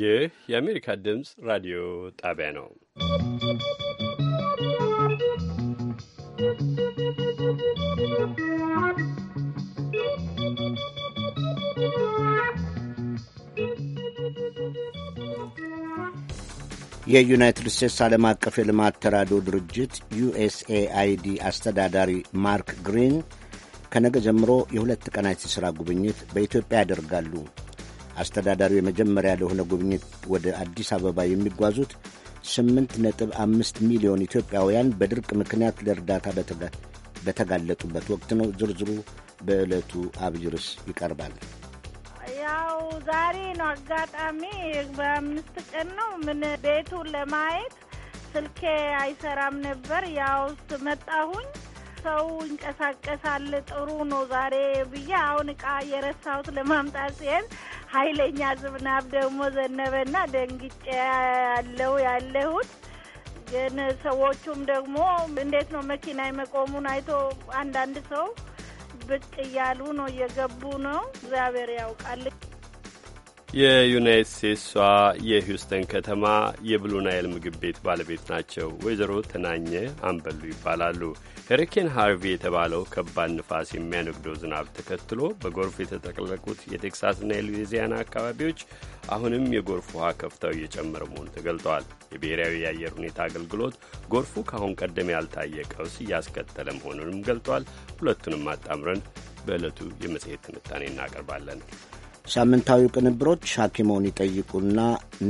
ይህ የአሜሪካ ድምፅ ራዲዮ ጣቢያ ነው። የዩናይትድ ስቴትስ ዓለም አቀፍ የልማት ተራድኦ ድርጅት ዩኤስኤአይዲ አስተዳዳሪ ማርክ ግሪን ከነገ ጀምሮ የሁለት ቀናት የሥራ ጉብኝት በኢትዮጵያ ያደርጋሉ። አስተዳዳሪው የመጀመሪያ ለሆነ ጉብኝት ወደ አዲስ አበባ የሚጓዙት 8.5 ሚሊዮን ኢትዮጵያውያን በድርቅ ምክንያት ለእርዳታ በተጋለጡበት ወቅት ነው። ዝርዝሩ በዕለቱ አብይርስ ይቀርባል። ያው ዛሬ ነው አጋጣሚ በአምስት ቀን ነው ምን ቤቱን ለማየት ስልኬ አይሰራም ነበር። ያው መጣሁኝ። ሰው ይንቀሳቀሳል ጥሩ ነው ዛሬ ብዬ አሁን እቃ የረሳሁት ለማምጣት ሲሄድ ኃይለኛ ዝናብ ደግሞ ዘነበና ደንግጬ ያለው ያለሁት ግን ሰዎቹም ደግሞ እንዴት ነው መኪና የመቆሙን አይቶ አንዳንድ ሰው ብቅ እያሉ ነው እየገቡ ነው። እግዚአብሔር ያውቃል። የዩናይት ስቴትሷ የሂውስተን ከተማ የብሉ ናይል ምግብ ቤት ባለቤት ናቸው። ወይዘሮ ተናኘ አንበሉ ይባላሉ። ሄሪኬን ሃርቪ የተባለው ከባድ ንፋስ የሚያነግደው ዝናብ ተከትሎ በጎርፍ የተጠቀለቁት የቴክሳስና የሉዊዚያና አካባቢዎች አሁንም የጎርፍ ውሃ ከፍታው እየጨመረ መሆኑ ተገልጠዋል። የብሔራዊ የአየር ሁኔታ አገልግሎት ጎርፉ ከአሁን ቀደም ያልታየ ቀውስ እያስከተለ መሆኑንም ገልጧል። ሁለቱንም አጣምረን በዕለቱ የመጽሔት ትንታኔ እናቀርባለን። ሳምንታዊ ቅንብሮች ሐኪሞን ይጠይቁና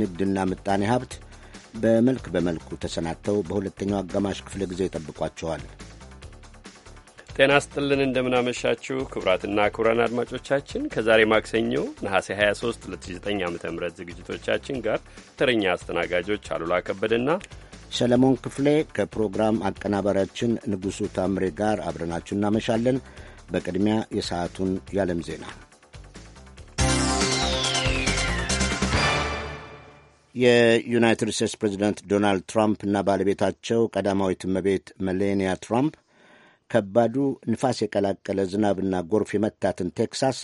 ንግድና ምጣኔ ሀብት በመልክ በመልኩ ተሰናድተው በሁለተኛው አጋማሽ ክፍለ ጊዜ ይጠብቋቸዋል። ጤና ስጥልን እንደምናመሻችሁ ክቡራትና ክቡራን አድማጮቻችን ከዛሬ ማክሰኞ ነሐሴ 23 2009 ዓ ም ዝግጅቶቻችን ጋር ተረኛ አስተናጋጆች አሉላ ከበደና ሰለሞን ክፍሌ ከፕሮግራም አቀናባሪያችን ንጉሡ ታምሬ ጋር አብረናችሁ እናመሻለን። በቅድሚያ የሰዓቱን የዓለም ዜና የዩናይትድ ስቴትስ ፕሬዚደንት ዶናልድ ትራምፕ እና ባለቤታቸው ቀዳማዊት እመቤት መሌኒያ ትራምፕ ከባዱ ንፋስ የቀላቀለ ዝናብና ጎርፍ የመታትን ቴክሳስ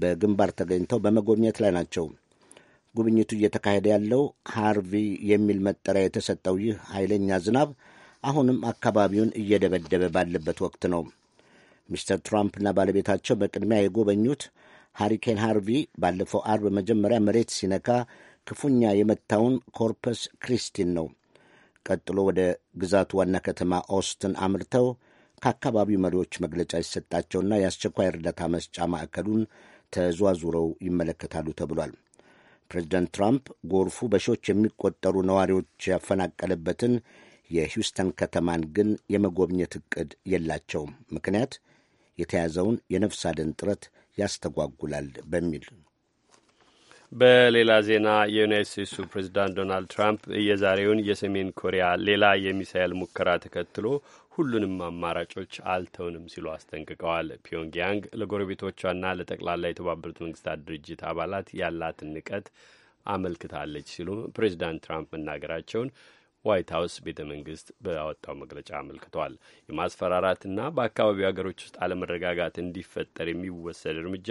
በግንባር ተገኝተው በመጎብኘት ላይ ናቸው። ጉብኝቱ እየተካሄደ ያለው ሃርቪ የሚል መጠሪያ የተሰጠው ይህ ኃይለኛ ዝናብ አሁንም አካባቢውን እየደበደበ ባለበት ወቅት ነው። ሚስተር ትራምፕና ባለቤታቸው በቅድሚያ የጎበኙት ሃሪኬን ሃርቪ ባለፈው አርብ መጀመሪያ መሬት ሲነካ ክፉኛ የመታውን ኮርፐስ ክሪስቲን ነው። ቀጥሎ ወደ ግዛቱ ዋና ከተማ ኦስትን አምርተው ከአካባቢው መሪዎች መግለጫ ይሰጣቸውና የአስቸኳይ እርዳታ መስጫ ማዕከሉን ተዟዙረው ይመለከታሉ ተብሏል። ፕሬዚዳንት ትራምፕ ጎርፉ በሺዎች የሚቆጠሩ ነዋሪዎች ያፈናቀለበትን የሂውስተን ከተማን ግን የመጎብኘት እቅድ የላቸውም። ምክንያት የተያዘውን የነፍስ አድን ጥረት ያስተጓጉላል በሚል በሌላ ዜና የዩናይት ስቴትሱ ፕሬዚዳንት ዶናልድ ትራምፕ የዛሬውን የሰሜን ኮሪያ ሌላ የሚሳኤል ሙከራ ተከትሎ ሁሉንም አማራጮች አልተውንም ሲሉ አስጠንቅቀዋል። ፒዮንግያንግ ለጎረቤቶቿና ለጠቅላላ የተባበሩት መንግስታት ድርጅት አባላት ያላትን ንቀት አመልክታለች ሲሉም ፕሬዚዳንት ትራምፕ መናገራቸውን ዋይት ሀውስ ቤተ መንግስት በወጣው መግለጫ አመልክቷል። የማስፈራራትና በአካባቢው ሀገሮች ውስጥ አለመረጋጋት እንዲፈጠር የሚወሰድ እርምጃ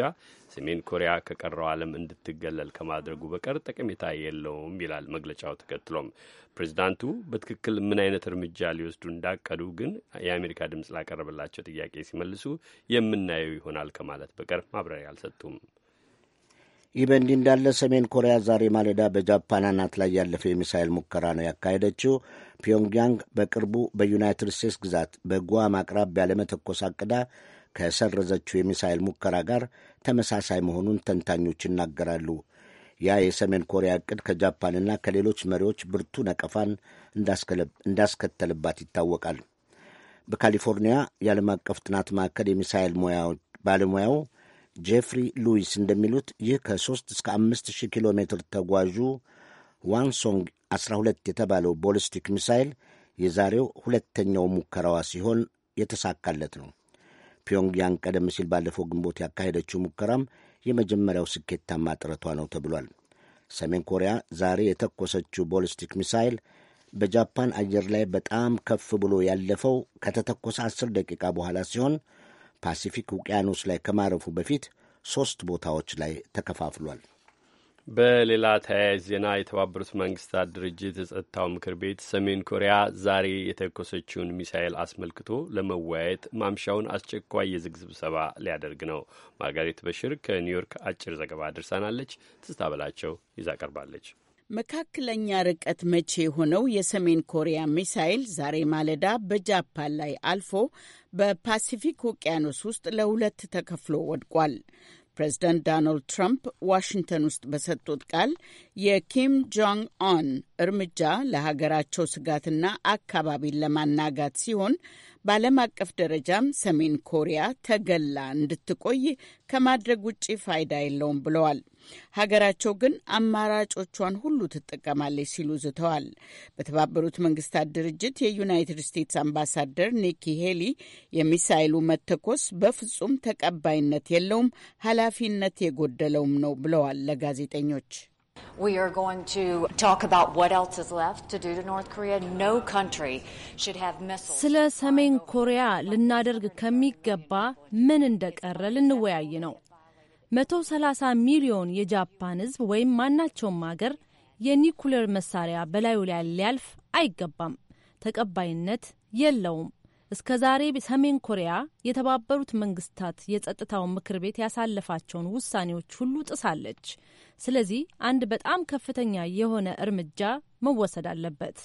ሰሜን ኮሪያ ከቀረው ዓለም እንድትገለል ከማድረጉ በቀር ጠቀሜታ የለውም ይላል መግለጫው። ተከትሎም ፕሬዚዳንቱ በትክክል ምን አይነት እርምጃ ሊወስዱ እንዳቀዱ ግን የአሜሪካ ድምፅ ላቀረበላቸው ጥያቄ ሲመልሱ የምናየው ይሆናል ከማለት በቀር ማብራሪያ አልሰጡም። ይህ በእንዲህ እንዳለ ሰሜን ኮሪያ ዛሬ ማለዳ በጃፓን አናት ላይ ያለፈ የሚሳይል ሙከራ ነው ያካሄደችው። ፒዮንግያንግ በቅርቡ በዩናይትድ ስቴትስ ግዛት በጓም አቅራቢያ ለመተኮስ አቅዳ ከሰረዘችው የሚሳይል ሙከራ ጋር ተመሳሳይ መሆኑን ተንታኞች ይናገራሉ። ያ የሰሜን ኮሪያ ዕቅድ ከጃፓንና ከሌሎች መሪዎች ብርቱ ነቀፋን እንዳስከተልባት ይታወቃል። በካሊፎርኒያ የዓለም አቀፍ ጥናት ማዕከል የሚሳይል ባለሙያው ጄፍሪ ሉዊስ እንደሚሉት ይህ ከ3 እስከ 5 ሺህ ኪሎ ሜትር ተጓዡ ዋንሶንግ 12 የተባለው ቦሊስቲክ ሚሳይል የዛሬው ሁለተኛው ሙከራዋ ሲሆን የተሳካለት ነው። ፒዮንግያንግ ቀደም ሲል ባለፈው ግንቦት ያካሄደችው ሙከራም የመጀመሪያው ስኬታማ ጥረቷ ነው ተብሏል። ሰሜን ኮሪያ ዛሬ የተኮሰችው ቦሊስቲክ ሚሳይል በጃፓን አየር ላይ በጣም ከፍ ብሎ ያለፈው ከተተኮሰ አስር ደቂቃ በኋላ ሲሆን ፓሲፊክ ውቅያኖስ ላይ ከማረፉ በፊት ሶስት ቦታዎች ላይ ተከፋፍሏል። በሌላ ተያያዥ ዜና የተባበሩት መንግስታት ድርጅት የጸጥታው ምክር ቤት ሰሜን ኮሪያ ዛሬ የተኮሰችውን ሚሳኤል አስመልክቶ ለመወያየት ማምሻውን አስቸኳይ የዝግ ስብሰባ ሊያደርግ ነው። ማርጋሬት በሽር ከኒውዮርክ አጭር ዘገባ አድርሳናለች። ትስታ በላቸው ይዛ ቀርባለች። መካከለኛ ርቀት መቼ የሆነው የሰሜን ኮሪያ ሚሳይል ዛሬ ማለዳ በጃፓን ላይ አልፎ በፓሲፊክ ውቅያኖስ ውስጥ ለሁለት ተከፍሎ ወድቋል። ፕሬዚደንት ዶናልድ ትራምፕ ዋሽንግተን ውስጥ በሰጡት ቃል የኪም ጆንግ ኦን እርምጃ ለሀገራቸው ስጋትና አካባቢን ለማናጋት ሲሆን በዓለም አቀፍ ደረጃም ሰሜን ኮሪያ ተገላ እንድትቆይ ከማድረግ ውጭ ፋይዳ የለውም ብለዋል። ሀገራቸው ግን አማራጮቿን ሁሉ ትጠቀማለች ሲሉ ዝተዋል። በተባበሩት መንግስታት ድርጅት የዩናይትድ ስቴትስ አምባሳደር ኒኪ ሄሊ የሚሳይሉ መተኮስ በፍጹም ተቀባይነት የለውም፣ ኃላፊነት የጎደለውም ነው ብለዋል ለጋዜጠኞች። ስለ ሰሜን ኮሪያ ልናደርግ ከሚገባ ምን እንደቀረ ልንወያይ ነው። 130 ሚሊዮን የጃፓን ህዝብ ወይም ማናቸውም አገር የኒኩሌር መሳሪያ በላዩ ላይ ሊያልፍ አይገባም፣ ተቀባይነት የለውም። እስከ ዛሬ ሰሜን ኮሪያ የተባበሩት መንግስታት የጸጥታው ምክር ቤት ያሳለፋቸውን ውሳኔዎች ሁሉ ጥሳለች። ስለዚህ አንድ በጣም ከፍተኛ የሆነ እርምጃ መወሰድ አለበት።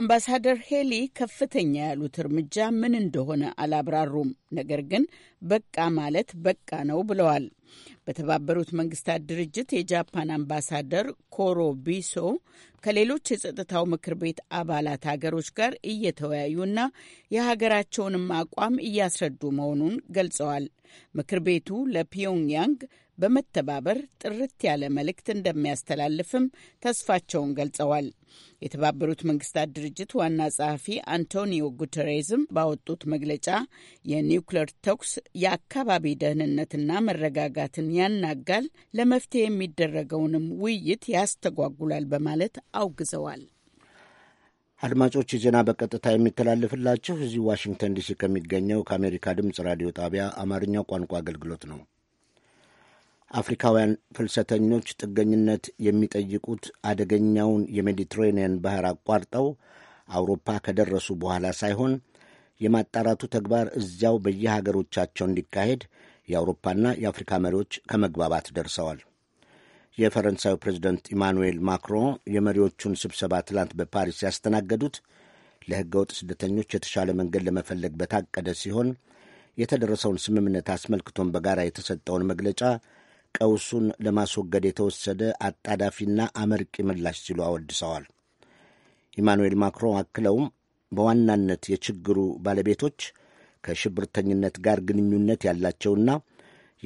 አምባሳደር ሄሊ ከፍተኛ ያሉት እርምጃ ምን እንደሆነ አላብራሩም። ነገር ግን በቃ ማለት በቃ ነው ብለዋል። በተባበሩት መንግስታት ድርጅት የጃፓን አምባሳደር ኮሮ ቢሶ ከሌሎች የጸጥታው ምክር ቤት አባላት ሀገሮች ጋር እየተወያዩና የሀገራቸውንም አቋም እያስረዱ መሆኑን ገልጸዋል። ምክር ቤቱ ለፒዮንግያንግ በመተባበር ጥርት ያለ መልእክት እንደሚያስተላልፍም ተስፋቸውን ገልጸዋል። የተባበሩት መንግስታት ድርጅት ዋና ጸሐፊ አንቶኒዮ ጉተሬዝም ባወጡት መግለጫ የኒውክሌር ተኩስ የአካባቢ ደህንነትና መረጋጋትን ያናጋል፣ ለመፍትሄ የሚደረገውንም ውይይት ያስተጓጉላል በማለት አውግዘዋል። አድማጮች ዜና በቀጥታ የሚተላልፍላችሁ እዚህ ዋሽንግተን ዲሲ ከሚገኘው ከአሜሪካ ድምፅ ራዲዮ ጣቢያ አማርኛው ቋንቋ አገልግሎት ነው። አፍሪካውያን ፍልሰተኞች ጥገኝነት የሚጠይቁት አደገኛውን የሜዲትሬንየን ባህር አቋርጠው አውሮፓ ከደረሱ በኋላ ሳይሆን የማጣራቱ ተግባር እዚያው በየሀገሮቻቸው እንዲካሄድ የአውሮፓና የአፍሪካ መሪዎች ከመግባባት ደርሰዋል። የፈረንሳዩ ፕሬዚደንት ኢማኑኤል ማክሮን የመሪዎቹን ስብሰባ ትላንት በፓሪስ ያስተናገዱት ለሕገወጥ ስደተኞች የተሻለ መንገድ ለመፈለግ በታቀደ ሲሆን የተደረሰውን ስምምነት አስመልክቶን በጋራ የተሰጠውን መግለጫ ቀውሱን ለማስወገድ የተወሰደ አጣዳፊና አመርቂ ምላሽ ሲሉ አወድሰዋል። ኢማኑኤል ማክሮን አክለውም በዋናነት የችግሩ ባለቤቶች ከሽብርተኝነት ጋር ግንኙነት ያላቸውና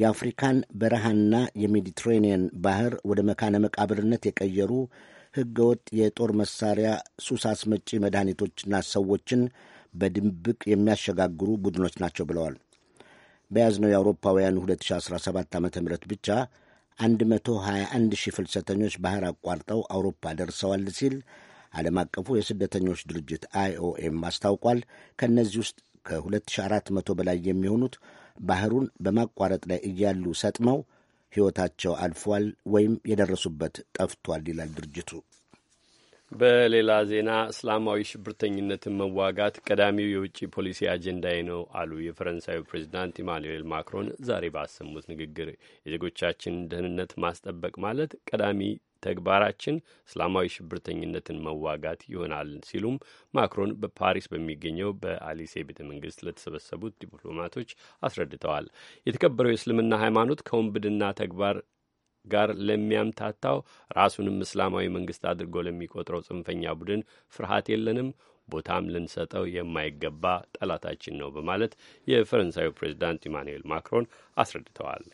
የአፍሪካን በረሃና የሜዲትሬኒየን ባህር ወደ መካነ መቃብርነት የቀየሩ ወጥ የጦር መሳሪያ ሱስ አስመጪ መድኃኒቶችና ሰዎችን በድንብቅ የሚያሸጋግሩ ቡድኖች ናቸው ብለዋል። በያዝነው የአውሮፓውያን 2017 ዓ ም ብቻ 121 ሺህ ፍልሰተኞች ባህር አቋርጠው አውሮፓ ደርሰዋል ሲል ዓለም አቀፉ የስደተኞች ድርጅት አይኦኤም አስታውቋል። ከእነዚህ ውስጥ ከ2400 በላይ የሚሆኑት ባህሩን በማቋረጥ ላይ እያሉ ሰጥመው ሕይወታቸው አልፏል ወይም የደረሱበት ጠፍቷል ይላል ድርጅቱ። በሌላ ዜና እስላማዊ ሽብርተኝነትን መዋጋት ቀዳሚው የውጭ ፖሊሲ አጀንዳዬ ነው አሉ የፈረንሳዩ ፕሬዚዳንት ኢማኑኤል ማክሮን ዛሬ ባሰሙት ንግግር። የዜጎቻችን ደህንነት ማስጠበቅ ማለት ቀዳሚ ተግባራችን እስላማዊ ሽብርተኝነትን መዋጋት ይሆናል ሲሉም ማክሮን በፓሪስ በሚገኘው በአሊሴ ቤተ መንግስት ለተሰበሰቡት ዲፕሎማቶች አስረድተዋል። የተከበረው የእስልምና ሃይማኖት ከወንብድና ተግባር ጋር ለሚያምታታው ራሱንም እስላማዊ መንግስት አድርጎ ለሚቆጥረው ጽንፈኛ ቡድን ፍርሃት የለንም፣ ቦታም ልንሰጠው የማይገባ ጠላታችን ነው በማለት የፈረንሳዩ ፕሬዚዳንት ኢማኑኤል ማክሮን አስረድተዋል።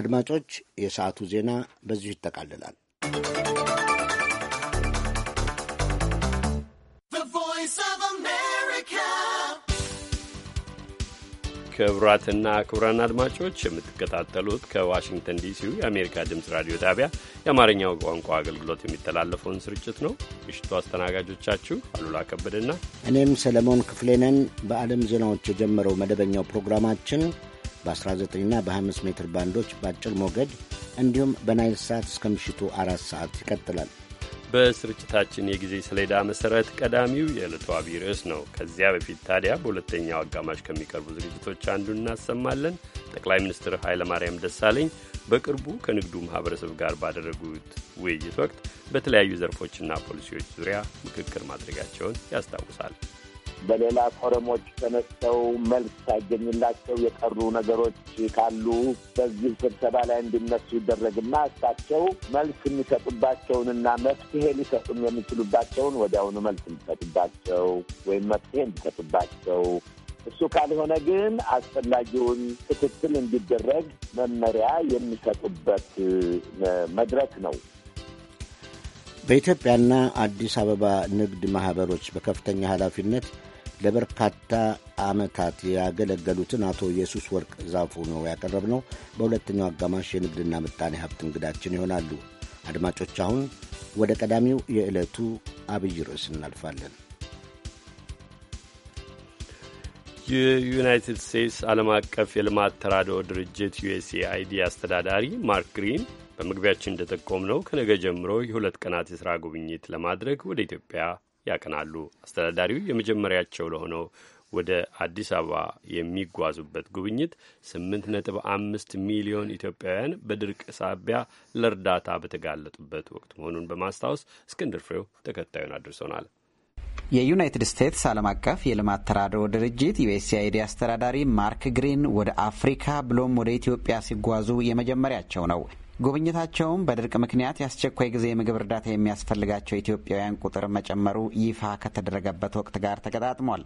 አድማጮች፣ የሰዓቱ ዜና በዚሁ ይጠቃልላል። ክቡራትና ክቡራን አድማጮች የምትከታተሉት ከዋሽንግተን ዲሲው የአሜሪካ ድምፅ ራዲዮ ጣቢያ የአማርኛው ቋንቋ አገልግሎት የሚተላለፈውን ስርጭት ነው። ምሽቱ አስተናጋጆቻችሁ አሉላ ከበደና እኔም ሰለሞን ክፍሌነን። በዓለም ዜናዎች የጀመረው መደበኛው ፕሮግራማችን በ19ና በ25 ሜትር ባንዶች በአጭር ሞገድ እንዲሁም በናይል ሰዓት እስከ ምሽቱ አራት ሰዓት ይቀጥላል። በስርጭታችን የጊዜ ሰሌዳ መሰረት ቀዳሚው የዕለቱ አብይ ርዕስ ነው። ከዚያ በፊት ታዲያ በሁለተኛው አጋማሽ ከሚቀርቡ ዝግጅቶች አንዱ እናሰማለን። ጠቅላይ ሚኒስትር ኃይለማርያም ደሳለኝ በቅርቡ ከንግዱ ማህበረሰብ ጋር ባደረጉት ውይይት ወቅት በተለያዩ ዘርፎችና ፖሊሲዎች ዙሪያ ምክክር ማድረጋቸውን ያስታውሳል። በሌላ ኮረሞች ተነስተው መልስ ሳይገኝላቸው የቀሩ ነገሮች ካሉ በዚህ ስብሰባ ላይ እንዲነሱ ይደረግና እሳቸው መልስ የሚሰጡባቸውንና መፍትሄ ሊሰጡም የሚችሉባቸውን ወዲያውኑ መልስ እንዲሰጡባቸው ወይም መፍትሄ እንዲሰጡባቸው እሱ ካልሆነ ግን አስፈላጊውን ክትትል እንዲደረግ መመሪያ የሚሰጡበት መድረክ ነው። በኢትዮጵያና አዲስ አበባ ንግድ ማኅበሮች በከፍተኛ ኃላፊነት ለበርካታ ዓመታት ያገለገሉትን አቶ ኢየሱስ ወርቅ ዛፉ ነው ነው። በሁለተኛው አጋማሽ የንግድና ምጣኔ ሀብት እንግዳችን ይሆናሉ። አድማጮች፣ አሁን ወደ ቀዳሚው የዕለቱ አብይ ርዕስ እናልፋለን። የዩናይትድ ስቴትስ ዓለም አቀፍ የልማት ተራድኦ ድርጅት ዩኤስኤአይዲ አስተዳዳሪ ማርክ ግሪን በመግቢያችን እንደጠቆም ነው ከነገ ጀምሮ የሁለት ቀናት የሥራ ጉብኝት ለማድረግ ወደ ኢትዮጵያ ያቀናሉ። አስተዳዳሪው የመጀመሪያቸው ለሆነው ወደ አዲስ አበባ የሚጓዙበት ጉብኝት ስምንት ነጥብ አምስት ሚሊዮን ኢትዮጵያውያን በድርቅ ሳቢያ ለእርዳታ በተጋለጡበት ወቅት መሆኑን በማስታወስ እስክንድር ፍሬው ተከታዩን አድርሶናል። የዩናይትድ ስቴትስ ዓለም አቀፍ የልማት ተራድኦ ድርጅት ዩኤስአይዲ አስተዳዳሪ ማርክ ግሪን ወደ አፍሪካ ብሎም ወደ ኢትዮጵያ ሲጓዙ የመጀመሪያቸው ነው። ጉብኝታቸውም በድርቅ ምክንያት የአስቸኳይ ጊዜ የምግብ እርዳታ የሚያስፈልጋቸው ኢትዮጵያውያን ቁጥር መጨመሩ ይፋ ከተደረገበት ወቅት ጋር ተገጣጥሟል።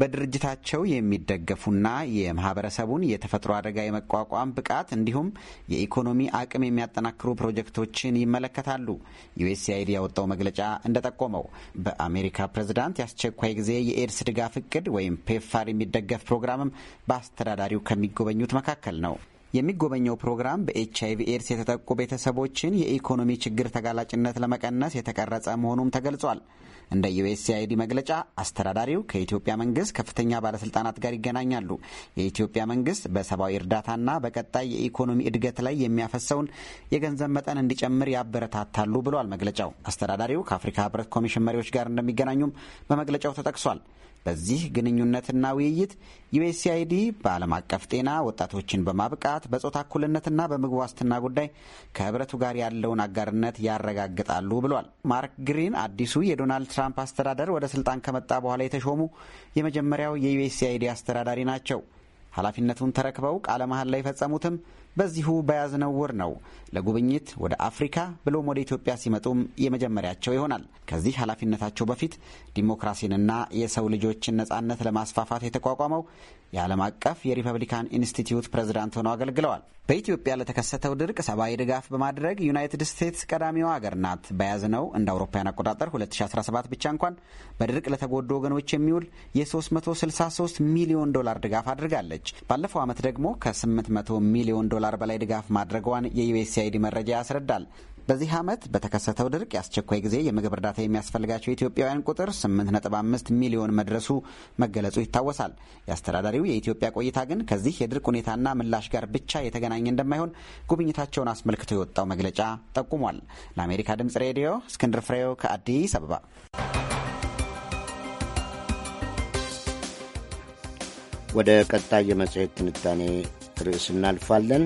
በድርጅታቸው የሚደገፉና የማህበረሰቡን የተፈጥሮ አደጋ የመቋቋም ብቃት እንዲሁም የኢኮኖሚ አቅም የሚያጠናክሩ ፕሮጀክቶችን ይመለከታሉ። ዩኤስአይዲ ያወጣው መግለጫ እንደጠቆመው በአሜሪካ ፕሬዝዳንት የአስቸኳይ ጊዜ የኤድስ ድጋፍ እቅድ ወይም ፔፋር የሚደገፍ ፕሮግራምም በአስተዳዳሪው ከሚጎበኙት መካከል ነው። የሚጎበኘው ፕሮግራም በኤች አይቪ ኤድስ የተጠቁ ቤተሰቦችን የኢኮኖሚ ችግር ተጋላጭነት ለመቀነስ የተቀረጸ መሆኑም ተገልጿል። እንደ ዩኤስአይዲ መግለጫ አስተዳዳሪው ከኢትዮጵያ መንግስት ከፍተኛ ባለስልጣናት ጋር ይገናኛሉ። የኢትዮጵያ መንግስት በሰብአዊ እርዳታና በቀጣይ የኢኮኖሚ እድገት ላይ የሚያፈሰውን የገንዘብ መጠን እንዲጨምር ያበረታታሉ ብሏል መግለጫው። አስተዳዳሪው ከአፍሪካ ህብረት ኮሚሽን መሪዎች ጋር እንደሚገናኙም በመግለጫው ተጠቅሷል። በዚህ ግንኙነትና ውይይት ዩኤስአይዲ በዓለም አቀፍ ጤና ወጣቶችን በማብቃት በጾታ እኩልነትና በምግብ ዋስትና ጉዳይ ከህብረቱ ጋር ያለውን አጋርነት ያረጋግጣሉ ብሏል። ማርክ ግሪን አዲሱ የዶናልድ ትራምፕ አስተዳደር ወደ ስልጣን ከመጣ በኋላ የተሾሙ የመጀመሪያው የዩኤስአይዲ አስተዳዳሪ ናቸው። ኃላፊነቱን ተረክበው ቃለ መሐላ ላይ የፈጸሙትም በዚሁ በያዝነው ወር ነው። ለጉብኝት ወደ አፍሪካ ብሎም ወደ ኢትዮጵያ ሲመጡም የመጀመሪያቸው ይሆናል። ከዚህ ኃላፊነታቸው በፊት ዲሞክራሲንና የሰው ልጆችን ነጻነት ለማስፋፋት የተቋቋመው የዓለም አቀፍ የሪፐብሊካን ኢንስቲትዩት ፕሬዝዳንት ሆነው አገልግለዋል። በኢትዮጵያ ለተከሰተው ድርቅ ሰብአዊ ድጋፍ በማድረግ ዩናይትድ ስቴትስ ቀዳሚዋ ሀገር ናት። በያዝነው እንደ አውሮፓውያን አቆጣጠር 2017 ብቻ እንኳን በድርቅ ለተጎዱ ወገኖች የሚውል የ363 ሚሊዮን ዶላር ድጋፍ አድርጋለች። ባለፈው ዓመት ደግሞ ከ800 ሚሊዮን ዶላር ዶላር በላይ ድጋፍ ማድረጓን የዩኤስአይዲ መረጃ ያስረዳል። በዚህ ዓመት በተከሰተው ድርቅ የአስቸኳይ ጊዜ የምግብ እርዳታ የሚያስፈልጋቸው ኢትዮጵያውያን ቁጥር 8.5 ሚሊዮን መድረሱ መገለጹ ይታወሳል። የአስተዳዳሪው የኢትዮጵያ ቆይታ ግን ከዚህ የድርቅ ሁኔታና ምላሽ ጋር ብቻ የተገናኘ እንደማይሆን ጉብኝታቸውን አስመልክቶ የወጣው መግለጫ ጠቁሟል። ለአሜሪካ ድምጽ ሬዲዮ እስክንድር ፍሬው ከአዲስ አበባ። ወደ ቀጣይ የመጽሔት ትንታኔ ርዕስ እናልፋለን።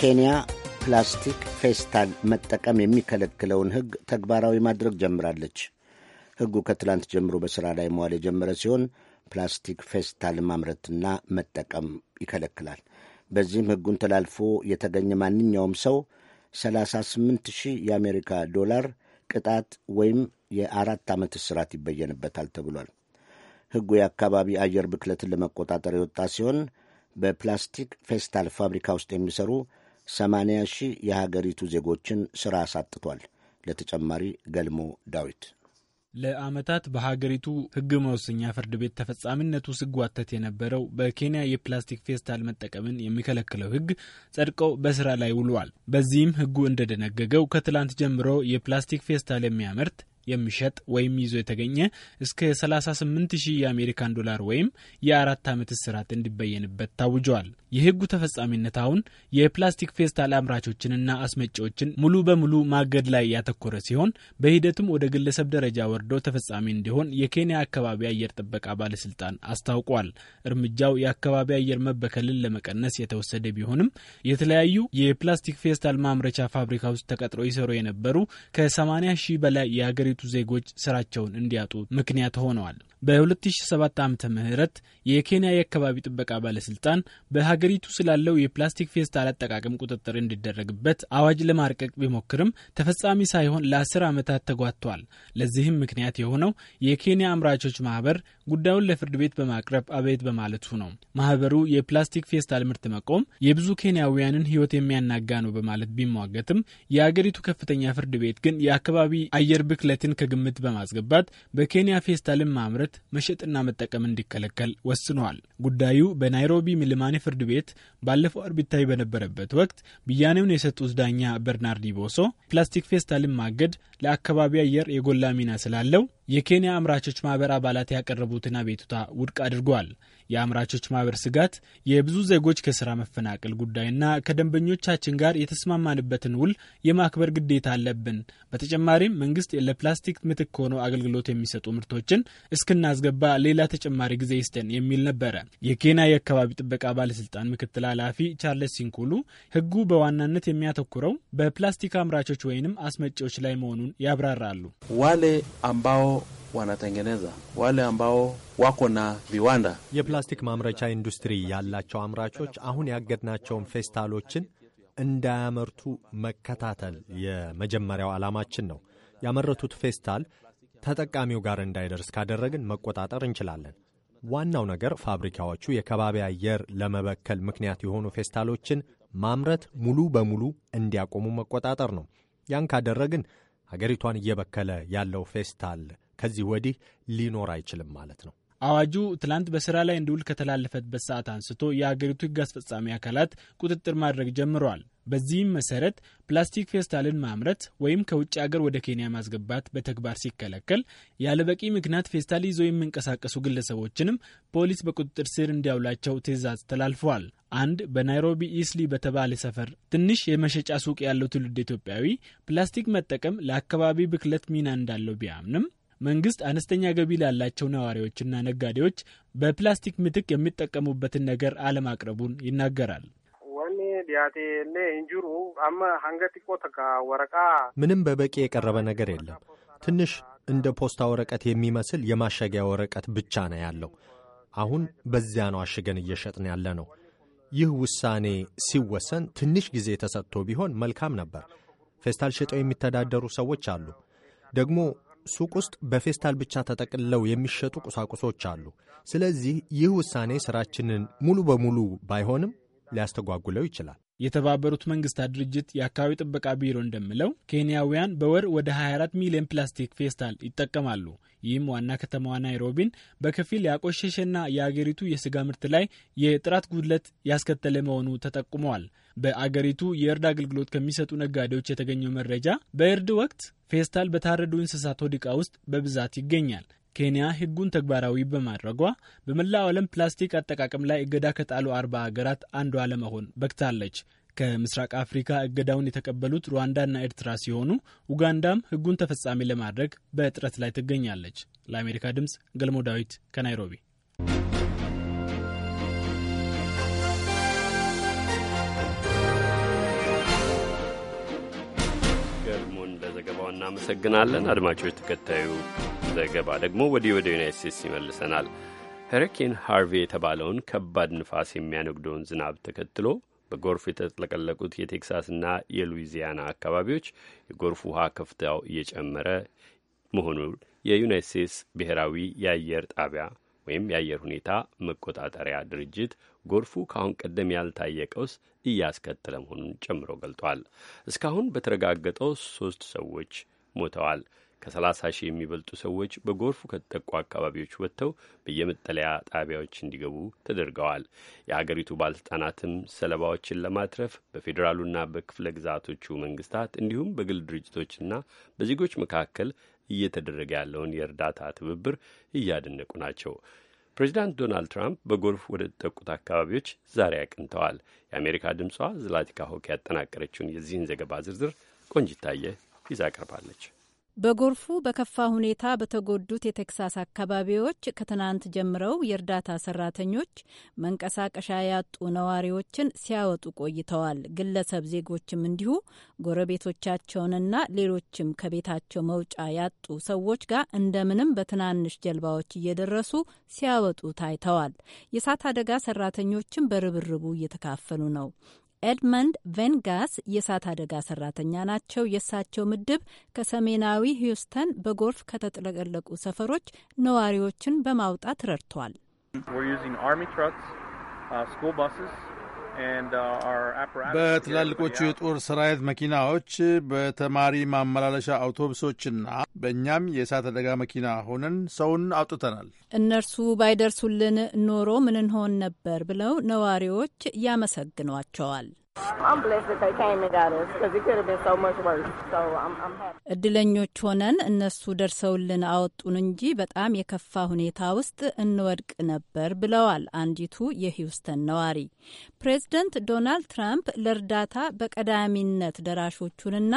ኬንያ ፕላስቲክ ፌስታል መጠቀም የሚከለክለውን ሕግ ተግባራዊ ማድረግ ጀምራለች። ሕጉ ከትላንት ጀምሮ በሥራ ላይ መዋል የጀመረ ሲሆን ፕላስቲክ ፌስታል ማምረትና መጠቀም ይከለክላል። በዚህም ሕጉን ተላልፎ የተገኘ ማንኛውም ሰው 38 ሺህ የአሜሪካ ዶላር ቅጣት ወይም የአራት ዓመት እስራት ይበየንበታል ተብሏል። ሕጉ የአካባቢ አየር ብክለትን ለመቆጣጠር የወጣ ሲሆን በፕላስቲክ ፌስታል ፋብሪካ ውስጥ የሚሰሩ 80 ሺህ የሀገሪቱ ዜጎችን ሥራ አሳጥቷል። ለተጨማሪ ገልሞ ዳዊት ለዓመታት በሀገሪቱ ሕግ መወሰኛ ፍርድ ቤት ተፈጻሚነቱ ሲጓተት የነበረው በኬንያ የፕላስቲክ ፌስታል መጠቀምን የሚከለክለው ሕግ ጸድቆ በስራ ላይ ውሏል። በዚህም ሕጉ እንደደነገገው ከትላንት ጀምሮ የፕላስቲክ ፌስታል የሚያመርት የሚሸጥ ወይም ይዞ የተገኘ እስከ 38 ሺህ የአሜሪካን ዶላር ወይም የአራት ዓመት እስራት እንዲበየንበት ታውጇል። የህጉ ተፈጻሚነት አሁን የፕላስቲክ ፌስታል አምራቾችንና አስመጪዎችን ሙሉ በሙሉ ማገድ ላይ ያተኮረ ሲሆን በሂደቱም ወደ ግለሰብ ደረጃ ወርዶ ተፈጻሚ እንዲሆን የኬንያ አካባቢ አየር ጥበቃ ባለስልጣን አስታውቋል። እርምጃው የአካባቢ አየር መበከልን ለመቀነስ የተወሰደ ቢሆንም የተለያዩ የፕላስቲክ ፌስታል ማምረቻ ፋብሪካ ውስጥ ተቀጥሮ ይሰሩ የነበሩ ከ80 ሺህ በላይ የአገሪቱ የሀገሪቱ ዜጎች ስራቸውን እንዲያጡ ምክንያት ሆነዋል። በ2007 ዓ ምህረት የኬንያ የአካባቢ ጥበቃ ባለስልጣን በሀገሪቱ ስላለው የፕላስቲክ ፌስታል አጠቃቀም ቁጥጥር እንዲደረግበት አዋጅ ለማርቀቅ ቢሞክርም ተፈጻሚ ሳይሆን ለአስር ዓመታት ተጓቷል። ለዚህም ምክንያት የሆነው የኬንያ አምራቾች ማህበር ጉዳዩን ለፍርድ ቤት በማቅረብ አቤት በማለቱ ነው። ማህበሩ የፕላስቲክ ፌስታል ምርት መቆም የብዙ ኬንያውያንን ሕይወት የሚያናጋ ነው በማለት ቢሟገትም የአገሪቱ ከፍተኛ ፍርድ ቤት ግን የአካባቢ አየር ብክለትን ደህንነትን ከግምት በማስገባት በኬንያ ፌስታልን ማምረት፣ መሸጥና መጠቀም እንዲከለከል ወስነዋል። ጉዳዩ በናይሮቢ ምልማኒ ፍርድ ቤት ባለፈው አርብ ይታይ በነበረበት ወቅት ብያኔውን የሰጡት ዳኛ በርናርዲ ቦሶ ፕላስቲክ ፌስታልን ማገድ ለአካባቢ አየር የጎላ ሚና ስላለው የኬንያ አምራቾች ማህበር አባላት ያቀረቡትን አቤቱታ ውድቅ አድርጓል። የአምራቾች ማህበር ስጋት የብዙ ዜጎች ከስራ መፈናቀል ጉዳይና ከደንበኞቻችን ጋር የተስማማንበትን ውል የማክበር ግዴታ አለብን። በተጨማሪም መንግስት ለፕላስቲክ ምትክ ሆነው አገልግሎት የሚሰጡ ምርቶችን እስክናስገባ ሌላ ተጨማሪ ጊዜ ይስጠን የሚል ነበረ። የኬንያ የአካባቢ ጥበቃ ባለስልጣን ምክትል ኃላፊ ቻርለስ ሲንኩሉ ህጉ በዋናነት የሚያተኩረው በፕላስቲክ አምራቾች ወይንም አስመጪዎች ላይ መሆኑን ያብራራሉ። ዋሌ አምባው wanatengeneza wale ambao wako na viwanda የፕላስቲክ ማምረቻ ኢንዱስትሪ ያላቸው አምራቾች አሁን ያገድናቸውን ፌስታሎችን እንዳያመርቱ መከታተል የመጀመሪያው ዓላማችን ነው። ያመረቱት ፌስታል ተጠቃሚው ጋር እንዳይደርስ ካደረግን መቆጣጠር እንችላለን። ዋናው ነገር ፋብሪካዎቹ የከባቢ አየር ለመበከል ምክንያት የሆኑ ፌስታሎችን ማምረት ሙሉ በሙሉ እንዲያቆሙ መቆጣጠር ነው። ያን ካደረግን ሀገሪቷን እየበከለ ያለው ፌስታል ከዚህ ወዲህ ሊኖር አይችልም ማለት ነው። አዋጁ ትላንት በስራ ላይ እንዲውል ከተላለፈበት ሰዓት አንስቶ የአገሪቱ ሕግ አስፈጻሚ አካላት ቁጥጥር ማድረግ ጀምረዋል። በዚህም መሰረት ፕላስቲክ ፌስታልን ማምረት ወይም ከውጭ አገር ወደ ኬንያ ማስገባት በተግባር ሲከለከል ያለበቂ ምክንያት ፌስታል ይዘው የሚንቀሳቀሱ ግለሰቦችንም ፖሊስ በቁጥጥር ስር እንዲያውላቸው ትዕዛዝ ተላልፈዋል። አንድ በናይሮቢ ኢስሊ በተባለ ሰፈር ትንሽ የመሸጫ ሱቅ ያለው ትውልድ ኢትዮጵያዊ ፕላስቲክ መጠቀም ለአካባቢ ብክለት ሚና እንዳለው ቢያምንም መንግስት አነስተኛ ገቢ ላላቸው ነዋሪዎችና ነጋዴዎች በፕላስቲክ ምትክ የሚጠቀሙበትን ነገር አለማቅረቡን ይናገራል። ምንም በበቂ የቀረበ ነገር የለም። ትንሽ እንደ ፖስታ ወረቀት የሚመስል የማሸጊያ ወረቀት ብቻ ነው ያለው። አሁን በዚያ ነው አሽገን እየሸጥን ያለ ነው። ይህ ውሳኔ ሲወሰን ትንሽ ጊዜ ተሰጥቶ ቢሆን መልካም ነበር። ፌስታል ሽጠው የሚተዳደሩ ሰዎች አሉ ደግሞ ሱቅ ውስጥ በፌስታል ብቻ ተጠቅልለው የሚሸጡ ቁሳቁሶች አሉ። ስለዚህ ይህ ውሳኔ ስራችንን ሙሉ በሙሉ ባይሆንም ሊያስተጓጉለው ይችላል። የተባበሩት መንግስታት ድርጅት የአካባቢ ጥበቃ ቢሮ እንደሚለው ኬንያውያን በወር ወደ 24 ሚሊዮን ፕላስቲክ ፌስታል ይጠቀማሉ። ይህም ዋና ከተማዋ ናይሮቢን በከፊል ያቆሸሸና የአገሪቱ የስጋ ምርት ላይ የጥራት ጉድለት ያስከተለ መሆኑ ተጠቁመዋል። በአገሪቱ የእርድ አገልግሎት ከሚሰጡ ነጋዴዎች የተገኘው መረጃ በእርድ ወቅት ፌስታል በታረዱ እንስሳት ሆድ ዕቃ ውስጥ በብዛት ይገኛል። ኬንያ ሕጉን ተግባራዊ በማድረጓ በመላው ዓለም ፕላስቲክ አጠቃቀም ላይ እገዳ ከጣሉ አርባ ሀገራት አንዷ ለመሆን በቅታለች። ከምስራቅ አፍሪካ እገዳውን የተቀበሉት ሩዋንዳና ኤርትራ ሲሆኑ ኡጋንዳም ሕጉን ተፈጻሚ ለማድረግ በጥረት ላይ ትገኛለች። ለአሜሪካ ድምፅ ገልሞ ዳዊት ከናይሮቢ ዘገባው እናመሰግናለን። አድማጮች፣ ተከታዩ ዘገባ ደግሞ ወዲህ ወደ ዩናይት ስቴትስ ይመልሰናል። ሄሪኬን ሃርቬ የተባለውን ከባድ ንፋስ የሚያነግደውን ዝናብ ተከትሎ በጎርፍ የተጥለቀለቁት የቴክሳስና የሉዊዚያና አካባቢዎች የጎርፍ ውሃ ከፍታው እየጨመረ መሆኑን የዩናይት ስቴትስ ብሔራዊ የአየር ጣቢያ ወይም የአየር ሁኔታ መቆጣጠሪያ ድርጅት ጎርፉ ከአሁን ቀደም ያልታየ ቀውስ እያስከተለ መሆኑን ጨምሮ ገልጧል። እስካሁን በተረጋገጠው ሶስት ሰዎች ሞተዋል። ከ30 ሺህ የሚበልጡ ሰዎች በጎርፉ ከተጠቁ አካባቢዎች ወጥተው በየመጠለያ ጣቢያዎች እንዲገቡ ተደርገዋል። የአገሪቱ ባለስልጣናትም ሰለባዎችን ለማትረፍ በፌዴራሉና በክፍለ ግዛቶቹ መንግስታት እንዲሁም በግል ድርጅቶችና በዜጎች መካከል እየተደረገ ያለውን የእርዳታ ትብብር እያደነቁ ናቸው። ፕሬዚዳንት ዶናልድ ትራምፕ በጎርፍ ወደ ተጠቁት አካባቢዎች ዛሬ አቅንተዋል። የአሜሪካ ድምጿ ዝላቲካ ሆክ ያጠናቀረችውን የዚህን ዘገባ ዝርዝር ቆንጅታየ ይዛ ቀርባለች። በጎርፉ በከፋ ሁኔታ በተጎዱት የቴክሳስ አካባቢዎች ከትናንት ጀምረው የእርዳታ ሰራተኞች መንቀሳቀሻ ያጡ ነዋሪዎችን ሲያወጡ ቆይተዋል። ግለሰብ ዜጎችም እንዲሁ ጎረቤቶቻቸውንና ሌሎችም ከቤታቸው መውጫ ያጡ ሰዎች ጋር እንደምንም በትናንሽ ጀልባዎች እየደረሱ ሲያወጡ ታይተዋል። የእሳት አደጋ ሰራተኞችም በርብርቡ እየተካፈሉ ነው። ኤድመንድ ቬንጋስ የእሳት አደጋ ሰራተኛ ናቸው። የእሳቸው ምድብ ከሰሜናዊ ሂውስተን በጎርፍ ከተጥለቀለቁ ሰፈሮች ነዋሪዎችን በማውጣት ረድቷል። Uh, በትላልቆቹ የጦር ሰራዊት መኪናዎች፣ በተማሪ ማመላለሻ አውቶቡሶችና በእኛም የእሳት አደጋ መኪና ሆነን ሰውን አውጥተናል። እነርሱ ባይደርሱልን ኖሮ ምን እንሆን ነበር ብለው ነዋሪዎች ያመሰግኗቸዋል። እድለኞች ሆነን እነሱ ደርሰውልን አወጡን እንጂ በጣም የከፋ ሁኔታ ውስጥ እንወድቅ ነበር ብለዋል አንዲቱ የሂውስተን ነዋሪ። ፕሬዝደንት ዶናልድ ትራምፕ ለእርዳታ በቀዳሚነት ደራሾቹንና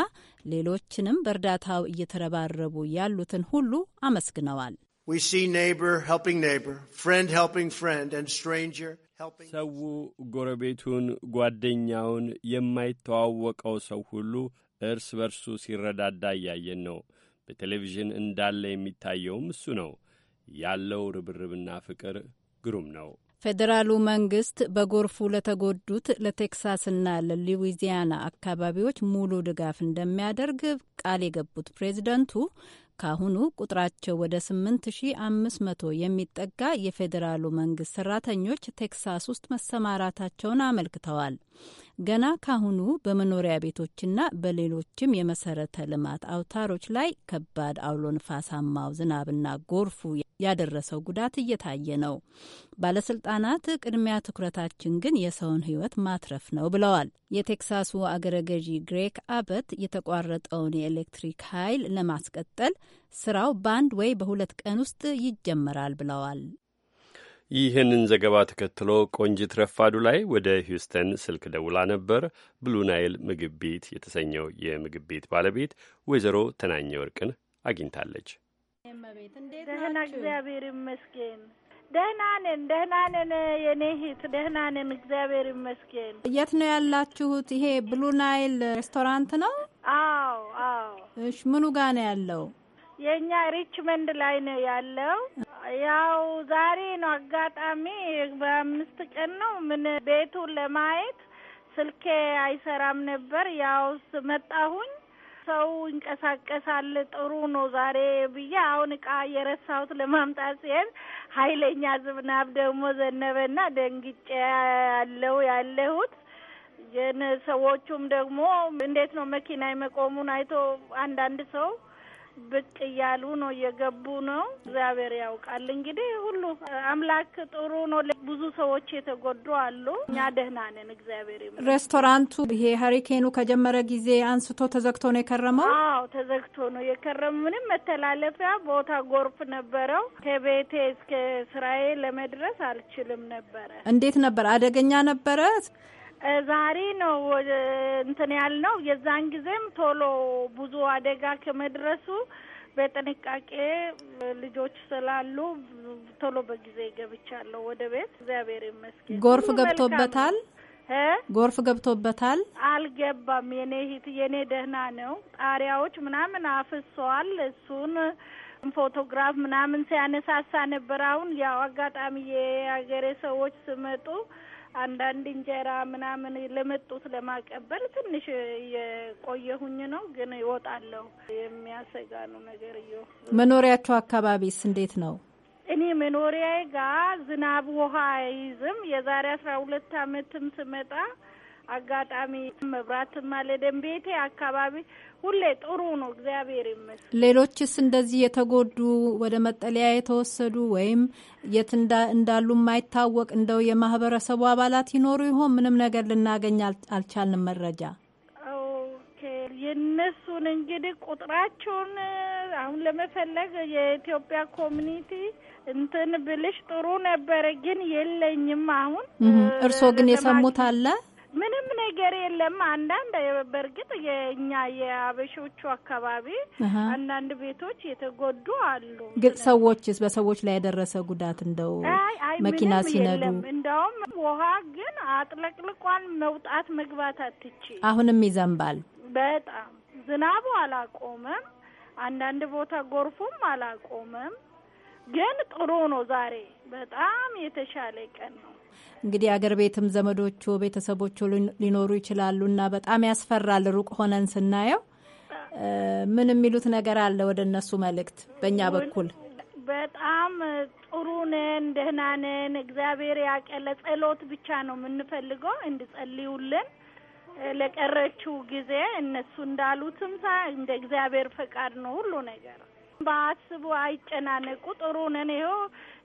ሌሎችንም በእርዳታው እየተረባረቡ ያሉትን ሁሉ አመስግነዋል። We see neighbor helping neighbor, friend helping friend, and stranger ሰው ጎረቤቱን፣ ጓደኛውን፣ የማይተዋወቀው ሰው ሁሉ እርስ በርሱ ሲረዳዳ እያየን ነው። በቴሌቪዥን እንዳለ የሚታየውም እሱ ነው። ያለው ርብርብና ፍቅር ግሩም ነው። ፌዴራሉ መንግስት በጎርፉ ለተጎዱት ለቴክሳስና ለሉዊዚያና አካባቢዎች ሙሉ ድጋፍ እንደሚያደርግ ቃል የገቡት ፕሬዚደንቱ ካሁኑ ቁጥራቸው ወደ 8500 የሚጠጋ የፌዴራሉ መንግስት ሰራተኞች ቴክሳስ ውስጥ መሰማራታቸውን አመልክተዋል። ገና ካሁኑ በመኖሪያ ቤቶችና በሌሎችም የመሰረተ ልማት አውታሮች ላይ ከባድ አውሎ ንፋሳማው ዝናብና ጎርፉ ያደረሰው ጉዳት እየታየ ነው። ባለስልጣናት ቅድሚያ ትኩረታችን ግን የሰውን ሕይወት ማትረፍ ነው ብለዋል። የቴክሳሱ አገረ ገዢ ግሬክ አበት የተቋረጠውን የኤሌክትሪክ ኃይል ለማስቀጠል ስራው በአንድ ወይ በሁለት ቀን ውስጥ ይጀመራል ብለዋል። ይህንን ዘገባ ተከትሎ ቆንጂት ረፋዱ ላይ ወደ ሂውስተን ስልክ ደውላ ነበር። ብሉናይል ምግብ ቤት የተሰኘው የምግብ ቤት ባለቤት ወይዘሮ ተናኘ ወርቅን አግኝታለች። እመቤት እንዴት ናችሁ? ደህና እግዚአብሔር ይመስገን። ደህና ነን፣ ደህና ነን የኔ እህት ደህና ነን፣ እግዚአብሔር ይመስገን። የት ነው ያላችሁት? ይሄ ብሉ ናይል ሬስቶራንት ነው? አዎ፣ አዎ። እሺ፣ ምኑ ጋ ነው ያለው? የእኛ ሪችመንድ ላይ ነው ያለው። ያው ዛሬ ነው አጋጣሚ በአምስት ቀን ነው ምን ቤቱን ለማየት ስልኬ አይሰራም ነበር። ያው መጣሁኝ ሰው ይንቀሳቀሳል፣ ጥሩ ነው ዛሬ ብዬ አሁን እቃ የረሳሁት ለማምጣት ሲሄድ ኃይለኛ ዝናብ ደግሞ ዘነበና ደንግጬ ያለው ያለሁት ግን ሰዎቹም ደግሞ እንዴት ነው መኪና የመቆሙን አይቶ አንዳንድ ሰው ብቅ እያሉ ነው እየገቡ ነው። እግዚአብሔር ያውቃል እንግዲህ ሁሉ አምላክ ጥሩ ነው። ብዙ ሰዎች የተጎዱ አሉ። እኛ ደህና ነን እግዚአብሔር ይመስገን። ሬስቶራንቱ ይሄ ሀሪኬኑ ከጀመረ ጊዜ አንስቶ ተዘግቶ ነው የከረመው? አዎ ተዘግቶ ነው የከረመው። ምንም መተላለፊያ ቦታ ጎርፍ ነበረው። ከቤቴ እስከ ስራዬ ለመድረስ አልችልም ነበረ። እንዴት ነበር? አደገኛ ነበረ? ዛሬ ነው እንትን ያልነው። የዛን ጊዜም ቶሎ ብዙ አደጋ ከመድረሱ በጥንቃቄ ልጆች ስላሉ ቶሎ በጊዜ ገብቻለሁ ወደ ቤት። እግዚአብሔር ይመስገን። ጎርፍ ገብቶበታል? ጎርፍ ገብቶበታል? አልገባም። የኔ ሂት የኔ ደህና ነው። ጣሪያዎች ምናምን አፍሰዋል እሱን ፎቶግራፍ ምናምን ሲያነሳሳ ነበር። አሁን ያው አጋጣሚ የሀገሬ ሰዎች ስመጡ አንዳንድ እንጀራ ምናምን ለመጡት ለማቀበል ትንሽ የቆየሁኝ ነው፣ ግን ይወጣለሁ። የሚያሰጋ ነው ነገር እየ መኖሪያቸው አካባቢስ እንዴት ነው? እኔ መኖሪያዬ ጋር ዝናብ ውሃ አይይዝም። የዛሬ አስራ ሁለት አመትም ስመጣ አጋጣሚ መብራት ማለደን ቤቴ አካባቢ ሁሌ ጥሩ ነው፣ እግዚአብሔር ይመስገን። ሌሎችስ እንደዚህ የተጎዱ ወደ መጠለያ የተወሰዱ ወይም የት እንዳሉ የማይታወቅ እንደው የማህበረሰቡ አባላት ይኖሩ ይሆን? ምንም ነገር ልናገኝ አልቻልንም መረጃ። የእነሱን እንግዲህ ቁጥራቸውን አሁን ለመፈለግ የኢትዮጵያ ኮሚኒቲ እንትን ብልሽ ጥሩ ነበረ፣ ግን የለኝም አሁን። እርስዎ ግን የሰሙት አለ ምንም ነገር የለም። አንዳንድ በእርግጥ የእኛ የአበሾቹ አካባቢ አንዳንድ ቤቶች የተጎዱ አሉ። ግን ሰዎችስ በሰዎች ላይ የደረሰ ጉዳት እንደው መኪና ሲነዱ እንደውም ውሃ ግን አጥለቅልቋን መውጣት መግባት አትች። አሁንም ይዘንባል በጣም ዝናቡ አላቆመም። አንዳንድ ቦታ ጎርፉም አላቆመም። ግን ጥሩ ነው። ዛሬ በጣም የተሻለ ቀን ነው። እንግዲህ አገር ቤትም ዘመዶቹ ቤተሰቦቹ ሊኖሩ ይችላሉ እና በጣም ያስፈራል ሩቅ ሆነን ስናየው። ምን የሚሉት ነገር አለ ወደ እነሱ መልእክት በእኛ በኩል? በጣም ጥሩ ነን፣ ደህና ነን፣ እግዚአብሔር ያቀለ ጸሎት ብቻ ነው የምንፈልገው እንድጸልዩልን ለቀረችው ጊዜ እነሱ እንዳሉትም እንደ እግዚአብሔር ፈቃድ ነው ሁሉ ነገር። በአስቡ አይጨናነቁ፣ ጥሩ ነን። ይኸው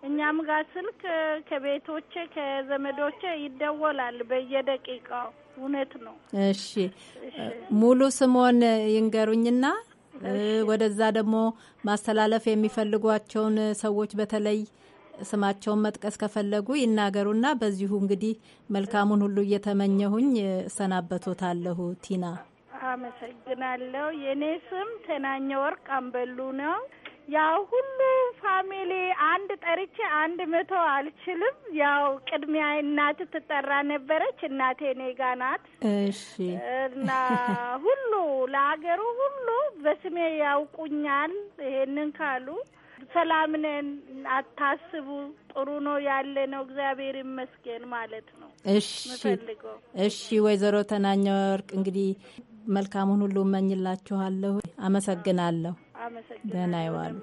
እኛም ጋር ስልክ ከቤቶቼ ከዘመዶቼ ይደወላል በየደቂቃው። እውነት ነው። እሺ ሙሉ ስሞን ይንገሩኝና ወደዛ ደግሞ ማስተላለፍ የሚፈልጓቸውን ሰዎች በተለይ ስማቸውን መጥቀስ ከፈለጉ ይናገሩና በዚሁ እንግዲህ መልካሙን ሁሉ እየተመኘሁኝ እሰናበቶታለሁ። ቲና አመሰግናለሁ። የእኔ ስም ተናኘ ወርቅ አንበሉ ነው። ያው ሁሉ ፋሚሊ አንድ ጠርቼ አንድ መቶ አልችልም። ያው ቅድሚያ እናት ትጠራ ነበረች። እናቴ ኔጋ ናት። እሺ እና ሁሉ ለሀገሩ ሁሉ በስሜ ያውቁኛል። ይሄንን ካሉ ሰላም ነን፣ አታስቡ፣ ጥሩ ነው ያለ ነው፣ እግዚአብሔር ይመስገን ማለት ነው። እሺ እሺ ወይዘሮ ተናኛ ወርቅ እንግዲህ መልካሙን ሁሉ እመኝላችኋለሁ። አመሰግናለሁ። ደህና ይዋሉ።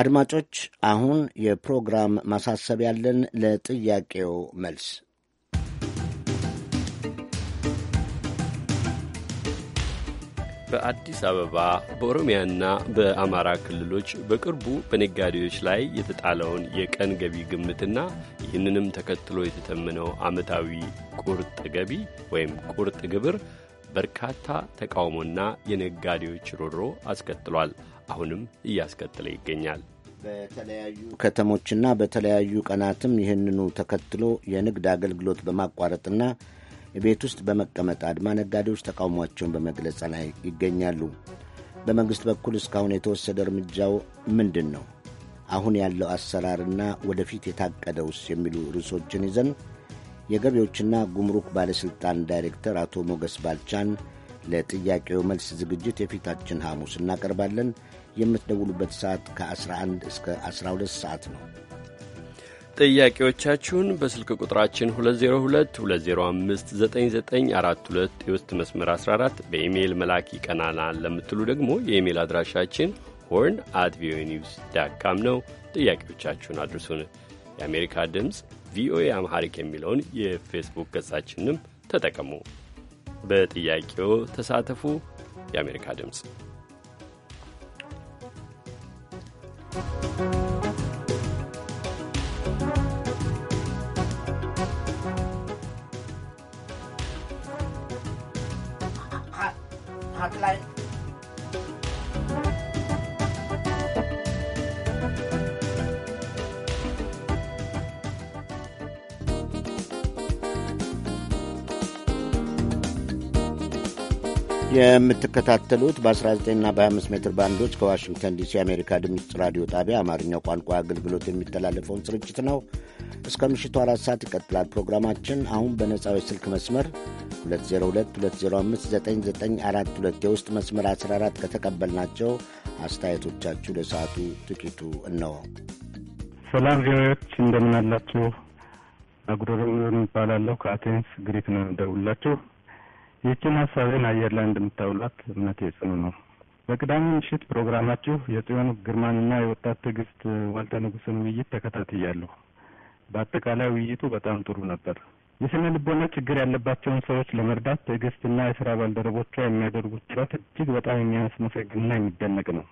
አድማጮች፣ አሁን የፕሮግራም ማሳሰብ ያለን ለጥያቄው መልስ በአዲስ አበባ በኦሮሚያና በአማራ ክልሎች በቅርቡ በነጋዴዎች ላይ የተጣለውን የቀን ገቢ ግምትና ይህንንም ተከትሎ የተተመነው ዓመታዊ ቁርጥ ገቢ ወይም ቁርጥ ግብር በርካታ ተቃውሞና የነጋዴዎች ሮሮ አስከትሏል። አሁንም እያስከተለ ይገኛል። በተለያዩ ከተሞችና በተለያዩ ቀናትም ይህንኑ ተከትሎ የንግድ አገልግሎት በማቋረጥና ቤት ውስጥ በመቀመጥ አድማ ነጋዴዎች ተቃውሟቸውን በመግለጽ ላይ ይገኛሉ። በመንግሥት በኩል እስካሁን የተወሰደ እርምጃው ምንድን ነው? አሁን ያለው አሰራርና ወደፊት የታቀደውስ የሚሉ ርዕሶችን ይዘን የገቢዎችና ጉምሩክ ባለሥልጣን ዳይሬክተር አቶ ሞገስ ባልቻን ለጥያቄው መልስ ዝግጅት የፊታችን ሐሙስ እናቀርባለን። የምትደውሉበት ሰዓት ከ11 እስከ 12 ሰዓት ነው። ጥያቄዎቻችሁን በስልክ ቁጥራችን 2022059942 የውስጥ መስመር 14 በኢሜይል መላክ ይቀናናል ለምትሉ ደግሞ የኢሜይል አድራሻችን ሆርን አት ቪኦኤ ኒውስ ዳት ካም ነው። ጥያቄዎቻችሁን አድርሱን። የአሜሪካ ድምፅ ቪኦኤ አምሐሪክ የሚለውን የፌስቡክ ገጻችንም ተጠቀሙ። በጥያቄው ተሳተፉ። የአሜሪካ ድምፅ የምትከታተሉት በ19ና በ25 ሜትር ባንዶች ከዋሽንግተን ዲሲ የአሜሪካ ድምፅ ራዲዮ ጣቢያ አማርኛው ቋንቋ አገልግሎት የሚተላለፈውን ስርጭት ነው። እስከ ምሽቱ አራት ሰዓት ይቀጥላል ፕሮግራማችን። አሁን በነጻው የስልክ መስመር 2022059942 የውስጥ መስመር 14 ከተቀበልናቸው አስተያየቶቻችሁ ለሰዓቱ ጥቂቱ እነሆ። ሰላም ዜናዎች እንደምን አላችሁ? አጉዶሮ እባላለሁ ከአቴንስ ግሪክ ነው ደውላችሁ ይህችን ሀሳቤን አየር ላይ እንደምታውሏት እምነቴ ጽኑ ነው። በቅዳሜ ምሽት ፕሮግራማችሁ የጽዮን ግርማንና የወጣት ትዕግስት ዋልተ ንጉስን ውይይት ተከታትያለሁ። በአጠቃላይ ውይይቱ በጣም ጥሩ ነበር። የስነ ልቦና ችግር ያለባቸውን ሰዎች ለመርዳት ትዕግስትና የስራ ባልደረቦቿ የሚያደርጉት ጥረት እጅግ በጣም የሚያስመሰግንና የሚደነቅ ነው።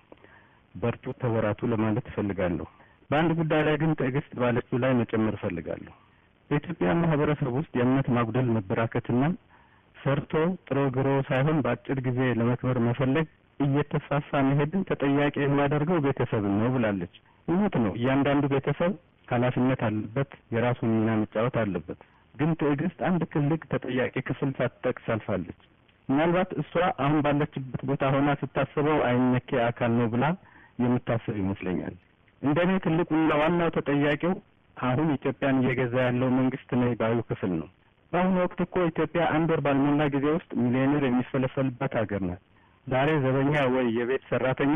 በርቱ፣ ተበራቱ ለማለት እፈልጋለሁ። በአንድ ጉዳይ ላይ ግን ትዕግስት ባለችው ላይ መጨመር እፈልጋለሁ። በኢትዮጵያ ማህበረሰብ ውስጥ የእምነት ማጉደል መበራከትና ሰርቶ ጥሮ ግሮ ሳይሆን በአጭር ጊዜ ለመክበር መፈለግ እየተሳሳ መሄድን ተጠያቂ የሚያደርገው ቤተሰብ ነው ብላለች። እውነት ነው። እያንዳንዱ ቤተሰብ ኃላፊነት አለበት፣ የራሱን ሚና መጫወት አለበት። ግን ትዕግስት አንድ ትልቅ ተጠያቂ ክፍል ሳትጠቅስ አልፋለች። ምናልባት እሷ አሁን ባለችበት ቦታ ሆና ስታስበው አይነኬ አካል ነው ብላ የምታስብ ይመስለኛል። እንደ እኔ ትልቁና ዋናው ተጠያቂው አሁን ኢትዮጵያን እየገዛ ያለው መንግስት ነው ባዩ ክፍል ነው። በአሁኑ ወቅት እኮ ኢትዮጵያ አንድ ወር ባልሞላ ጊዜ ውስጥ ሚሊዮኔር የሚፈለፈልበት ሀገር ናት። ዛሬ ዘበኛ ወይ የቤት ሰራተኛ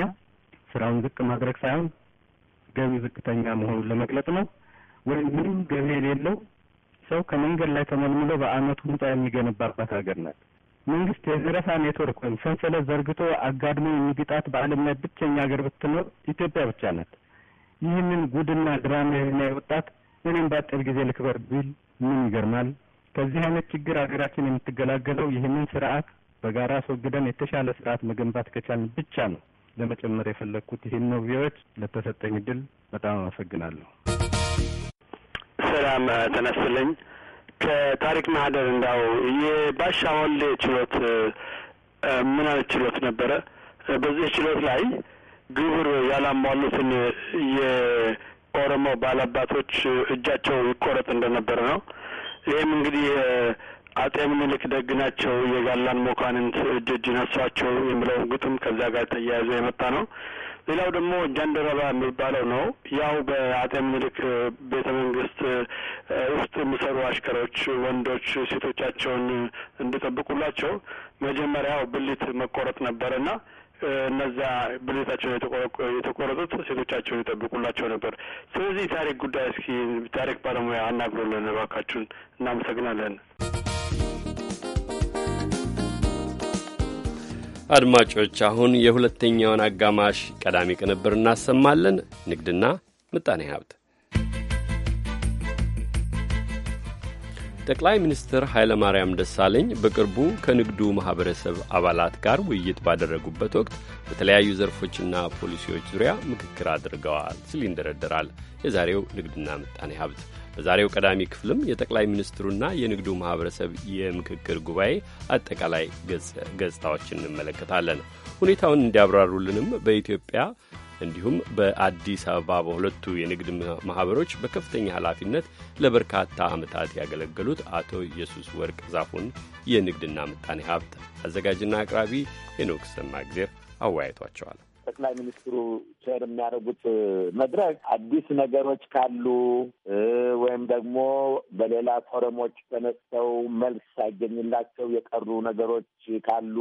ስራውን ዝቅ ማድረግ ሳይሆን ገቢ ዝቅተኛ መሆኑን ለመግለጽ ነው። ወይም ምንም ገቢ የሌለው ሰው ከመንገድ ላይ ተመልምሎ በአመቱ ህንጻ የሚገነባባት ሀገር ናት። መንግስት የዘረፋ ኔትወርክ ወይም ሰንሰለት ዘርግቶ አጋድሞ የሚግጣት በዓለም ላይ ብቸኛ ሀገር ብትኖር ኢትዮጵያ ብቻ ናት። ይህንን ጉድና ድራማ ወጣት እኔም በአጭር ጊዜ ልክበር ቢል ምን ይገርማል? ከዚህ አይነት ችግር ሀገራችን የምትገላገለው ይህንን ስርዓት በጋራ አስወግደን የተሻለ ስርዓት መገንባት ከቻልን ብቻ ነው። ለመጨመር የፈለግኩት ይህን ነው። ቪዎች ለተሰጠኝ እድል በጣም አመሰግናለሁ። ሰላም ተነስልኝ ከታሪክ ማህደር እንዳው የባሻ ወሌ ችሎት ምን አይነት ችሎት ነበረ? በዚህ ችሎት ላይ ግብር ያላሟሉትን የኦሮሞ ባላባቶች እጃቸው ይቆረጥ እንደነበረ ነው። ይህም እንግዲህ አጤ ምኒልክ ደግ ናቸው የጋላን መኳንንት እጅ እጅ ነሷቸው የሚለው ግጥም ከዛ ጋር ተያይዞ የመጣ ነው። ሌላው ደግሞ ጃንደረባ የሚባለው ነው። ያው በአጤ ምኒልክ ቤተ መንግስት ውስጥ የሚሰሩ አሽከሮች ወንዶች ሴቶቻቸውን እንዲጠብቁላቸው መጀመሪያው ብልት መቆረጥ ነበረና እነዚያ ብልታቸውን የተቆረጡት ሴቶቻቸውን ይጠብቁላቸው ነበር። ስለዚህ የታሪክ ጉዳይ እስኪ ታሪክ ባለሙያ አናግሮልን እባካችሁን። እናመሰግናለን። አድማጮች አሁን የሁለተኛውን አጋማሽ ቀዳሚ ቅንብር እናሰማለን። ንግድና ምጣኔ ሀብት ጠቅላይ ሚኒስትር ኃይለማርያም ደሳለኝ በቅርቡ ከንግዱ ማኅበረሰብ አባላት ጋር ውይይት ባደረጉበት ወቅት በተለያዩ ዘርፎችና ፖሊሲዎች ዙሪያ ምክክር አድርገዋል ሲል ይንደረደራል የዛሬው ንግድና ምጣኔ ሀብት። በዛሬው ቀዳሚ ክፍልም የጠቅላይ ሚኒስትሩና የንግዱ ማኅበረሰብ የምክክር ጉባኤ አጠቃላይ ገጽታዎችን እንመለከታለን። ሁኔታውን እንዲያብራሩልንም በኢትዮጵያ እንዲሁም በአዲስ አበባ በሁለቱ የንግድ ማኅበሮች በከፍተኛ ኃላፊነት ለበርካታ ዓመታት ያገለገሉት አቶ ኢየሱስ ወርቅ ዛፉን የንግድና ምጣኔ ሀብት አዘጋጅና አቅራቢ ሄኖክ ሰማእግዜር አወያይቷቸዋል። ጠቅላይ ሚኒስትሩ ቸር የሚያደርጉት መድረክ አዲስ ነገሮች ካሉ ወይም ደግሞ በሌላ ፎረሞች ተነስተው መልስ ሳይገኝላቸው የቀሩ ነገሮች ካሉ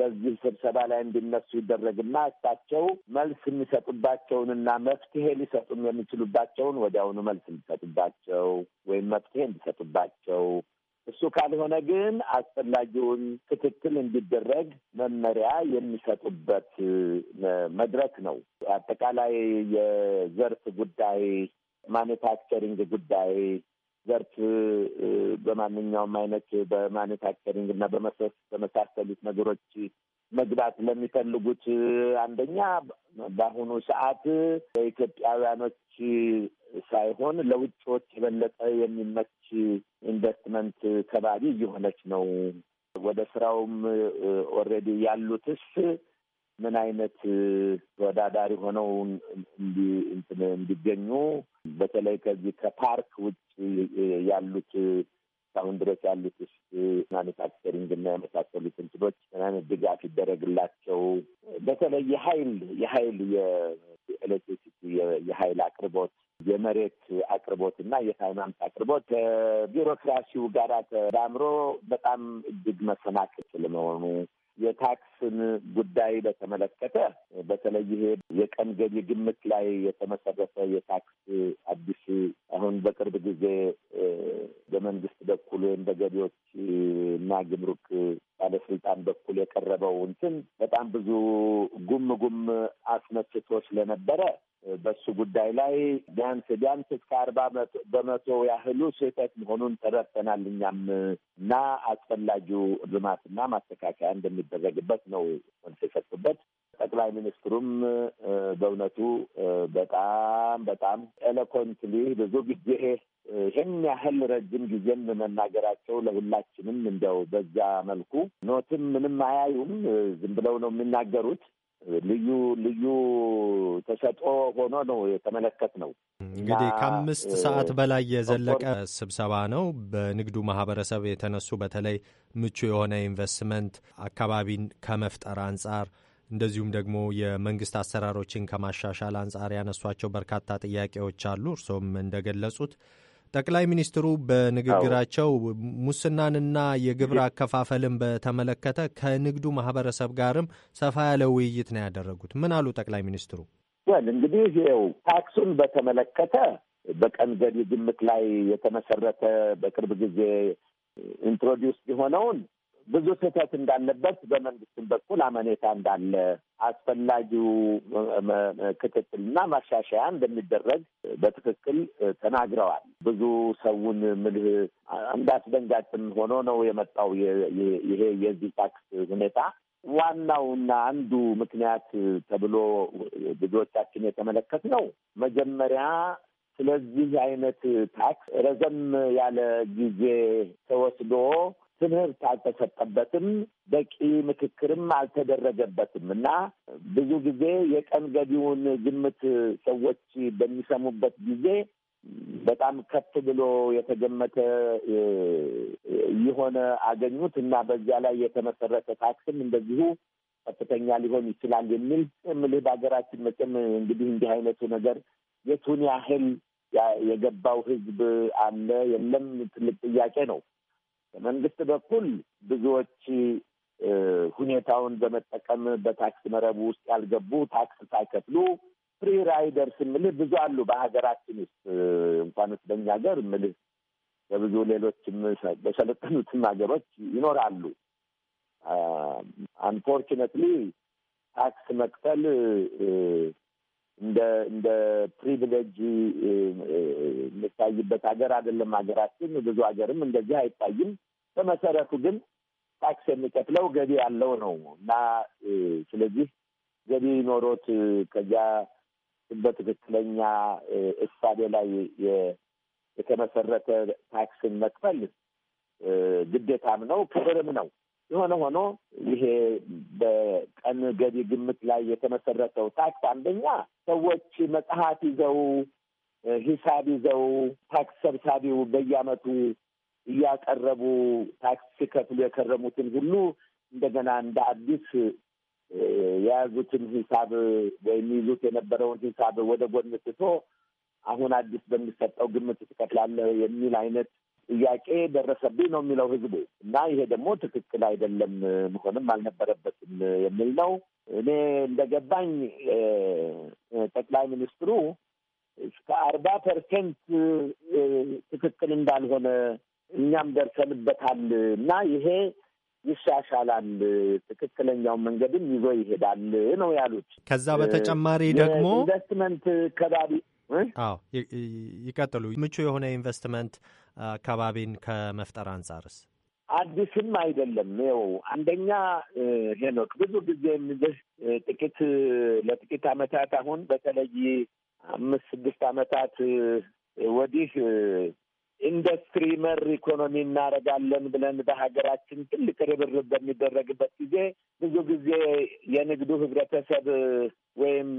በዚህ ስብሰባ ላይ እንዲነሱ ይደረግና እሳቸው መልስ የሚሰጡባቸውንና መፍትሄ ሊሰጡም የሚችሉባቸውን ወዲያውኑ መልስ እንዲሰጡባቸው ወይም መፍትሄ እንዲሰጡባቸው እሱ ካልሆነ ግን አስፈላጊውን ክትትል እንዲደረግ መመሪያ የሚሰጡበት መድረክ ነው። አጠቃላይ የዘርፍ ጉዳይ ማኒፋክቸሪንግ ጉዳይ ዘርፍ በማንኛውም አይነት በማኒፋክቸሪንግ እና በመሳሰሉት ነገሮች መግባት ለሚፈልጉት አንደኛ በአሁኑ ሰዓት ለኢትዮጵያውያኖች ሳይሆን ለውጭዎች የበለጠ የሚመች ኢንቨስትመንት ከባቢ እየሆነች ነው። ወደ ስራውም ኦልሬዲ ያሉትስ ምን አይነት ተወዳዳሪ ሆነው እንዲገኙ በተለይ ከዚህ ከፓርክ ውጭ ያሉት እስካሁን ድረስ ያሉት ውስጥ ማኒፋክቸሪንግ እና የመሳሰሉት እንትኖች ምናምን ድጋፍ ይደረግላቸው። በተለይ የሀይል የሀይል የኤሌክትሪሲቲ የሀይል አቅርቦት የመሬት አቅርቦት እና የፋይናንስ አቅርቦት ከቢሮክራሲው ጋር ተዳምሮ በጣም እጅግ መሰናክል ስለመሆኑ የታክስን ጉዳይ በተመለከተ በተለይ ይሄ የቀን ገቢ ግምት ላይ የተመሰረተ የታክስ አዲስ አሁን በቅርብ ጊዜ በመንግስት በኩል ወይም በገቢዎች እና ግምሩክ ባለስልጣን በኩል የቀረበው እንትን በጣም ብዙ ጉም ጉም አስነስቶ ስለነበረ በሱ ጉዳይ ላይ ቢያንስ ቢያንስ እስከ አርባ በመቶ ያህሉ ስህተት መሆኑን ተረድተናል እኛም እና አስፈላጊው ልማትና ማስተካከያ እንደሚደረግበት ነው መልስ የሰጡበት። ጠቅላይ ሚኒስትሩም በእውነቱ በጣም በጣም ኤሎኮንትሊ ብዙ ጊዜ ይህን ያህል ረጅም ጊዜም መናገራቸው ለሁላችንም እንዲያው በዛ መልኩ ኖትም ምንም አያዩም፣ ዝም ብለው ነው የሚናገሩት። ልዩ ልዩ ተሰጦ ሆኖ ነው የተመለከት ነው። እንግዲህ ከአምስት ሰዓት በላይ የዘለቀ ስብሰባ ነው። በንግዱ ማህበረሰብ የተነሱ በተለይ ምቹ የሆነ ኢንቨስትመንት አካባቢን ከመፍጠር አንጻር እንደዚሁም ደግሞ የመንግስት አሰራሮችን ከማሻሻል አንጻር ያነሷቸው በርካታ ጥያቄዎች አሉ። እርስዎም እንደገለጹት ጠቅላይ ሚኒስትሩ በንግግራቸው ሙስናንና የግብር አከፋፈልን በተመለከተ ከንግዱ ማህበረሰብ ጋርም ሰፋ ያለ ውይይት ነው ያደረጉት። ምን አሉ ጠቅላይ ሚኒስትሩ? ወል እንግዲህ ይኸው ታክሱን በተመለከተ በቀን ገቢ ግምት ላይ የተመሰረተ በቅርብ ጊዜ ኢንትሮዲውስ የሆነውን ብዙ ስህተት እንዳለበት በመንግስትም በኩል አመኔታ እንዳለ አስፈላጊው ክትትልና ማሻሻያ እንደሚደረግ በትክክል ተናግረዋል። ብዙ ሰውን ምልህ እንዳስደንጋጭም ሆኖ ነው የመጣው ይሄ የዚህ ታክስ ሁኔታ። ዋናውና አንዱ ምክንያት ተብሎ ብዙዎቻችን የተመለከት ነው መጀመሪያ ስለዚህ አይነት ታክስ ረዘም ያለ ጊዜ ተወስዶ ትምህርት አልተሰጠበትም፣ በቂ ምክክርም አልተደረገበትም እና ብዙ ጊዜ የቀን ገቢውን ግምት ሰዎች በሚሰሙበት ጊዜ በጣም ከፍ ብሎ የተገመተ የሆነ አገኙት እና በዚያ ላይ የተመሰረተ ታክስም እንደዚሁ ከፍተኛ ሊሆን ይችላል የሚል ምልህ በሀገራችን መቼም እንግዲህ እንዲህ አይነቱ ነገር የቱን ያህል የገባው ህዝብ አለ የለም ትልቅ ጥያቄ ነው። በመንግስት በኩል ብዙዎች ሁኔታውን በመጠቀም በታክስ መረቡ ውስጥ ያልገቡ ታክስ ሳይከፍሉ ፍሪ ራይደርስ ምልህ ብዙ አሉ። በሀገራችን ውስጥ እንኳን ውስጥ በኛ ሀገር ምልህ በብዙ ሌሎችም በሰለጠኑትም ሀገሮች ይኖራሉ። አንፎርችነትሊ ታክስ መክፈል እንደ እንደ ፕሪቪሌጅ የሚታይበት ሀገር አይደለም ሀገራችን። ብዙ ሀገርም እንደዚህ አይታይም። በመሰረቱ ግን ታክስ የሚከፍለው ገቢ ያለው ነው እና ስለዚህ ገቢ ኖሮት ከዚያ በትክክለኛ እሳቤ ላይ የተመሰረተ ታክስን መክፈል ግዴታም ነው፣ ክብርም ነው። የሆነ ሆኖ ይሄ በቀን ገቢ ግምት ላይ የተመሰረተው ታክስ አንደኛ ሰዎች መጽሐፍ ይዘው ሂሳብ ይዘው ታክስ ሰብሳቢው በየዓመቱ እያቀረቡ ታክስ ሲከፍሉ የከረሙትን ሁሉ እንደገና እንደ አዲስ የያዙትን ሂሳብ ወይም ይዙት የነበረውን ሂሳብ ወደ ጎን ትቶ አሁን አዲስ በሚሰጠው ግምት ትከፍላለህ የሚል አይነት ጥያቄ ደረሰብኝ ነው የሚለው ህዝቡ እና ይሄ ደግሞ ትክክል አይደለም፣ መሆንም አልነበረበትም የሚል ነው። እኔ እንደገባኝ ጠቅላይ ሚኒስትሩ እስከ አርባ ፐርሰንት ትክክል እንዳልሆነ እኛም ደርሰንበታል እና ይሄ ይሻሻላል፣ ትክክለኛው መንገድም ይዞ ይሄዳል ነው ያሉት። ከዛ በተጨማሪ ደግሞ ኢንቨስትመንት ከባቢ አዎ ይቀጥሉ። ምቹ የሆነ ኢንቨስትመንት አካባቢን ከመፍጠር አንጻርስ አዲስም አይደለም። ይኸው አንደኛ ሄኖክ ብዙ ጊዜ የምልህ ጥቂት ለጥቂት አመታት አሁን በተለይ አምስት ስድስት አመታት ወዲህ ኢንዱስትሪ መር ኢኮኖሚ እናደርጋለን ብለን በሀገራችን ትልቅ ርብርብ በሚደረግበት ጊዜ ብዙ ጊዜ የንግዱ ህብረተሰብ ወይም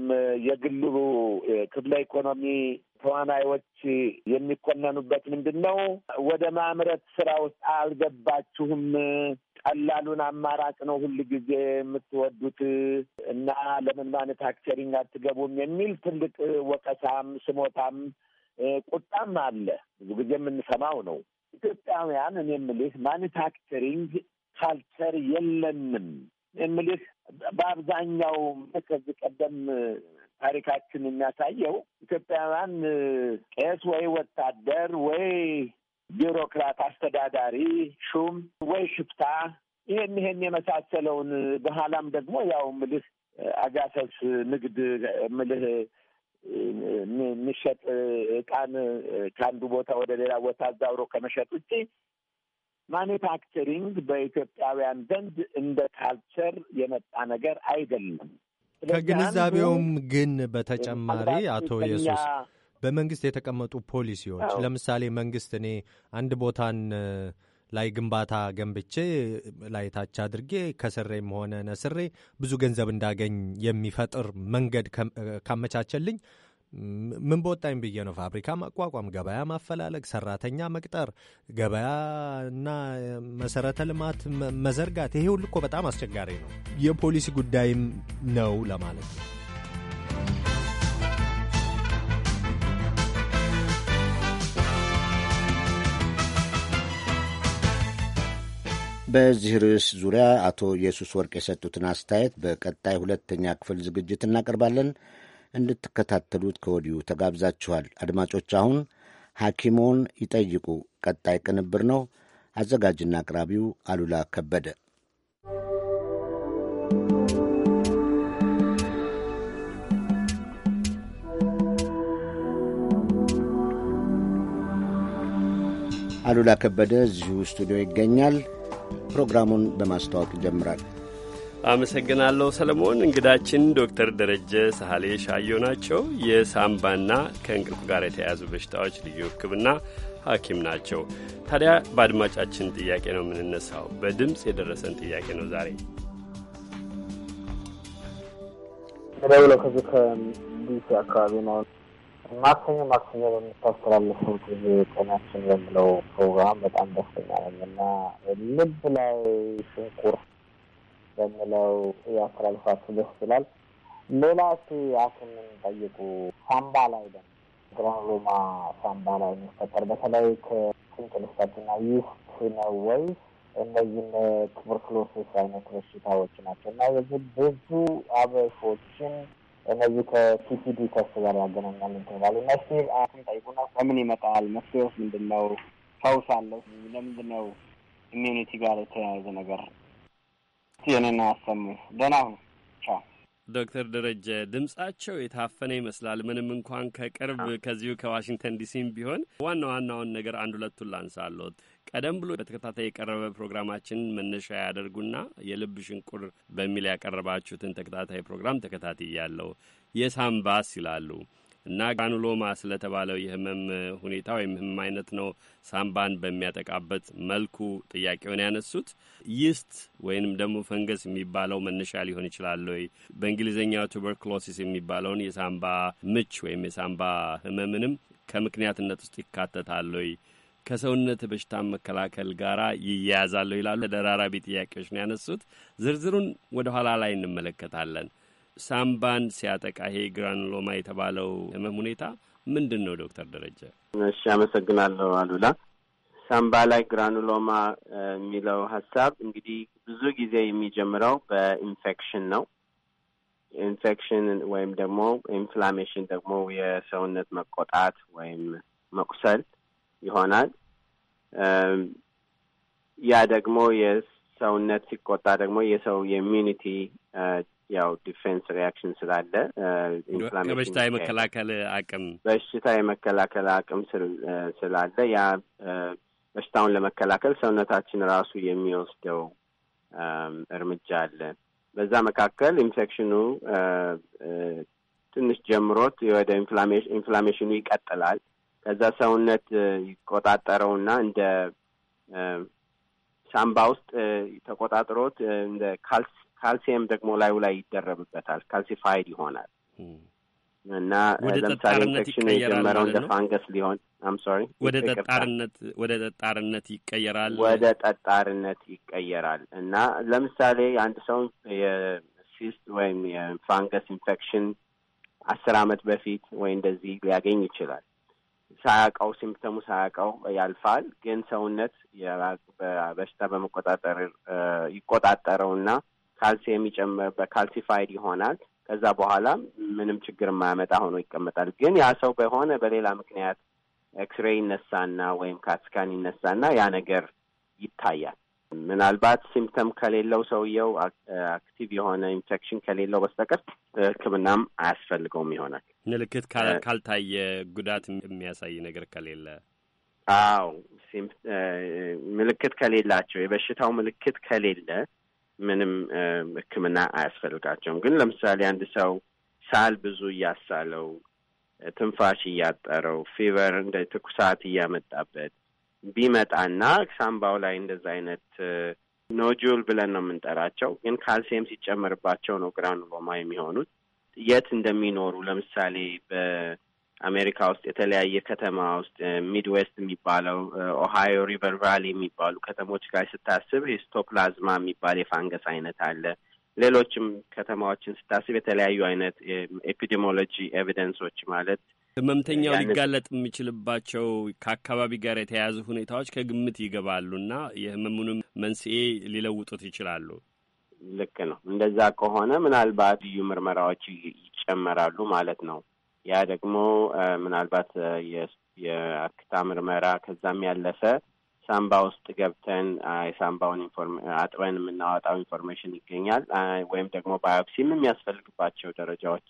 የግሉ ክፍለ ኢኮኖሚ ተዋናዮች የሚኮነኑበት ምንድን ነው? ወደ ማምረት ስራ ውስጥ አልገባችሁም፣ ቀላሉን አማራጭ ነው ሁል ጊዜ የምትወዱት እና ለምን ማኑፋክቸሪንግ አትገቡም? የሚል ትልቅ ወቀሳም ስሞታም ቁጣም አለ። ብዙ ጊዜ የምንሰማው ነው። ኢትዮጵያውያን እኔ የምልህ ማኒፋክቸሪንግ ካልቸር የለንም። የምልህ በአብዛኛው ከዚህ ቀደም ታሪካችን የሚያሳየው ኢትዮጵያውያን ቄስ ወይ ወታደር ወይ ቢሮክራት፣ አስተዳዳሪ፣ ሹም ወይ ሽፍታ ይሄን ይሄን የመሳሰለውን በኋላም ደግሞ ያው ምልህ አጋሰስ ንግድ ምልህ የሚሸጥ እቃን ከአንዱ ቦታ ወደ ሌላ ቦታ አዛውሮ ከመሸጥ ውጭ ማኒፋክቸሪንግ በኢትዮጵያውያን ዘንድ እንደ ካልቸር የመጣ ነገር አይደለም። ከግንዛቤውም ግን በተጨማሪ አቶ ኢየሱስ በመንግስት የተቀመጡ ፖሊሲዎች ለምሳሌ መንግስት እኔ አንድ ቦታን ላይ ግንባታ ገንብቼ ላይ ታች አድርጌ ከስሬም ሆነ ነስሬ ብዙ ገንዘብ እንዳገኝ የሚፈጥር መንገድ ካመቻቸልኝ ምን በወጣኝ ብዬ ነው ፋብሪካ ማቋቋም፣ ገበያ ማፈላለግ፣ ሰራተኛ መቅጠር፣ ገበያና መሰረተ ልማት መዘርጋት። ይሄ ሁሉ እኮ በጣም አስቸጋሪ ነው፣ የፖሊሲ ጉዳይም ነው ለማለት ነው። በዚህ ርዕስ ዙሪያ አቶ ኢየሱስ ወርቅ የሰጡትን አስተያየት በቀጣይ ሁለተኛ ክፍል ዝግጅት እናቀርባለን። እንድትከታተሉት ከወዲሁ ተጋብዛችኋል። አድማጮች፣ አሁን ሐኪሞን ይጠይቁ ቀጣይ ቅንብር ነው። አዘጋጅና አቅራቢው አሉላ ከበደ። አሉላ ከበደ እዚሁ ስቱዲዮ ይገኛል። ፕሮግራሙን በማስተዋወቅ ይጀምራል። አመሰግናለሁ ሰለሞን። እንግዳችን ዶክተር ደረጀ ሳህሌ ሻዮ ናቸው። የሳምባና ከእንቅልፍ ጋር የተያያዙ በሽታዎች ልዩ ሕክምና ሐኪም ናቸው። ታዲያ በአድማጫችን ጥያቄ ነው የምንነሳው። በድምፅ የደረሰን ጥያቄ ነው ዛሬ ደውለው ከዚህ ከዲሲ አካባቢ ነው ማክሰኞ ማክሰኞ ጊዜ ጤናችን በምለው ፕሮግራም በጣም ደስተኛ ነኝ እና ልብ ላይ ሽንኩር በምለው ያስተላልፋችሁ ደስ ይላል። ሌላ ሲ ሐኪምን ጠይቁ ሳምባ ላይ ደ ግራኑሎማ ሳምባ ላይ የሚፈጠር በተለይ ከስንት ልሳትና ይስት ነው ወይ እነዚህ ቱበርክሎሲስ አይነት በሽታዎች ናቸው እና የዚህ ብዙ አበሾችን እነዚህ ከሲሲዲ ከሱ ጋር ያገናኛል ተባሉ መፍትሄ አሁን ጠይቁና ከምን ይመጣል መፍትሄውስ ምንድን ነው? ፈውስ አለው? ለምንድን ነው ኢሚኒቲ ጋር የተያያዘ ነገር ጤንና አሰሙ ደህና ሁኑ። ቻው ዶክተር ደረጀ ድምጻቸው የታፈነ ይመስላል። ምንም እንኳን ከቅርብ ከዚሁ ከዋሽንግተን ዲሲም ቢሆን ዋና ዋናውን ነገር አንድ ሁለቱን ላንሳለት። ቀደም ብሎ በተከታታይ የቀረበ ፕሮግራማችን መነሻ ያደርጉና የልብ ሽንቁር በሚል ያቀረባችሁትን ተከታታይ ፕሮግራም ተከታትያለሁ። የሳምባስ ይላሉ እና ጋኑሎማ ስለተባለው የህመም ሁኔታ ወይም ህመም አይነት ነው ሳምባን በሚያጠቃበት መልኩ ጥያቄውን ያነሱት። ይስት ወይንም ደግሞ ፈንገስ የሚባለው መነሻ ሊሆን ይችላል ወይ? በእንግሊዝኛው ቱበርክሎሲስ የሚባለውን የሳምባ ምች ወይም የሳምባ ህመምንም ከምክንያትነት ውስጥ ይካተታል ወይ? ከሰውነት በሽታ መከላከል ጋር ይያያዛለሁ ይላሉ። ተደራራቢ ጥያቄዎች ነው ያነሱት። ዝርዝሩን ወደ ኋላ ላይ እንመለከታለን። ሳምባን ሲያጠቃ ይሄ የተባለው ህመም ሁኔታ ምንድን ነው ዶክተር ደረጀ? እሺ አመሰግናለሁ አሉላ። ሳምባ ላይ ግራኑሎማ የሚለው ሀሳብ እንግዲህ ብዙ ጊዜ የሚጀምረው በኢንፌክሽን ነው። ኢንፌክሽን ወይም ደግሞ ኢንፍላሜሽን ደግሞ የሰውነት መቆጣት ወይም መቁሰል ይሆናል። ያ ደግሞ የሰውነት ሲቆጣ ደግሞ የሰው የኢሚኒቲ ያው ዲፌንስ ሪያክሽን ስላለ በሽታ የመከላከል አቅም በሽታ የመከላከል አቅም ስላለ ያ በሽታውን ለመከላከል ሰውነታችን ራሱ የሚወስደው እርምጃ አለ። በዛ መካከል ኢንፌክሽኑ ትንሽ ጀምሮት ወደ ኢንፍላሜሽኑ ይቀጥላል። ከዛ ሰውነት ይቆጣጠረውና እንደ ሳምባ ውስጥ ተቆጣጥሮት እንደ ካልሲየም ደግሞ ላዩ ላይ ይደረብበታል። ካልሲፋይድ ይሆናል እና ለምሳሌ ኢንፌክሽን የጀመረው እንደ ፋንገስ ሊሆን አም ሶሪ ወደ ጠጣርነት ወደ ጠጣርነት ይቀየራል ወደ ጠጣርነት ይቀየራል። እና ለምሳሌ አንድ ሰው የሲስት ወይም የፋንገስ ኢንፌክሽን አስር አመት በፊት ወይ እንደዚህ ሊያገኝ ይችላል ሳያውቀው ሲምፕተሙ ሳያውቀው ያልፋል። ግን ሰውነት በሽታ በመቆጣጠር ይቆጣጠረውና ካልሲየም የሚጨምርበት ካልሲፋይድ ይሆናል። ከዛ በኋላ ምንም ችግር የማያመጣ ሆኖ ይቀመጣል። ግን ያ ሰው በሆነ በሌላ ምክንያት ኤክስሬይ ይነሳና ወይም ካትስካን ይነሳና ያ ነገር ይታያል። ምናልባት ሲምፕተም ከሌለው ሰውየው አክቲቭ የሆነ ኢንፌክሽን ከሌለው በስተቀር ሕክምናም አያስፈልገውም ይሆናል። ምልክት ካልታየ ጉዳት የሚያሳይ ነገር ከሌለ አዎ፣ ምልክት ከሌላቸው የበሽታው ምልክት ከሌለ ምንም ሕክምና አያስፈልጋቸውም። ግን ለምሳሌ አንድ ሰው ሳል ብዙ እያሳለው፣ ትንፋሽ እያጠረው፣ ፊቨር እንደ ትኩሳት እያመጣበት ቢመጣና ሳምባው ላይ እንደዛ አይነት ኖጁል ብለን ነው የምንጠራቸው፣ ግን ካልሲየም ሲጨመርባቸው ነው ግራኑሎማ የሚሆኑት። የት እንደሚኖሩ ለምሳሌ በአሜሪካ ውስጥ የተለያየ ከተማ ውስጥ ሚድዌስት የሚባለው ኦሃዮ ሪቨር ቫሊ የሚባሉ ከተሞች ጋር ስታስብ ሂስቶፕላዝማ የሚባል የፋንገስ አይነት አለ። ሌሎችም ከተማዎችን ስታስብ የተለያዩ አይነት ኤፒዲሞሎጂ ኤቪደንሶች ማለት ህመምተኛው ሊጋለጥ የሚችልባቸው ከአካባቢ ጋር የተያያዙ ሁኔታዎች ከግምት ይገባሉና የህመሙንም መንስኤ ሊለውጡት ይችላሉ። ልክ ነው። እንደዛ ከሆነ ምናልባት ልዩ ምርመራዎች ይጨመራሉ ማለት ነው። ያ ደግሞ ምናልባት የአክታ ምርመራ ከዛም ያለፈ ሳምባ ውስጥ ገብተን የሳምባውን አጥበን የምናወጣው ኢንፎርሜሽን ይገኛል። ወይም ደግሞ ባዮፕሲም የሚያስፈልግባቸው ደረጃዎች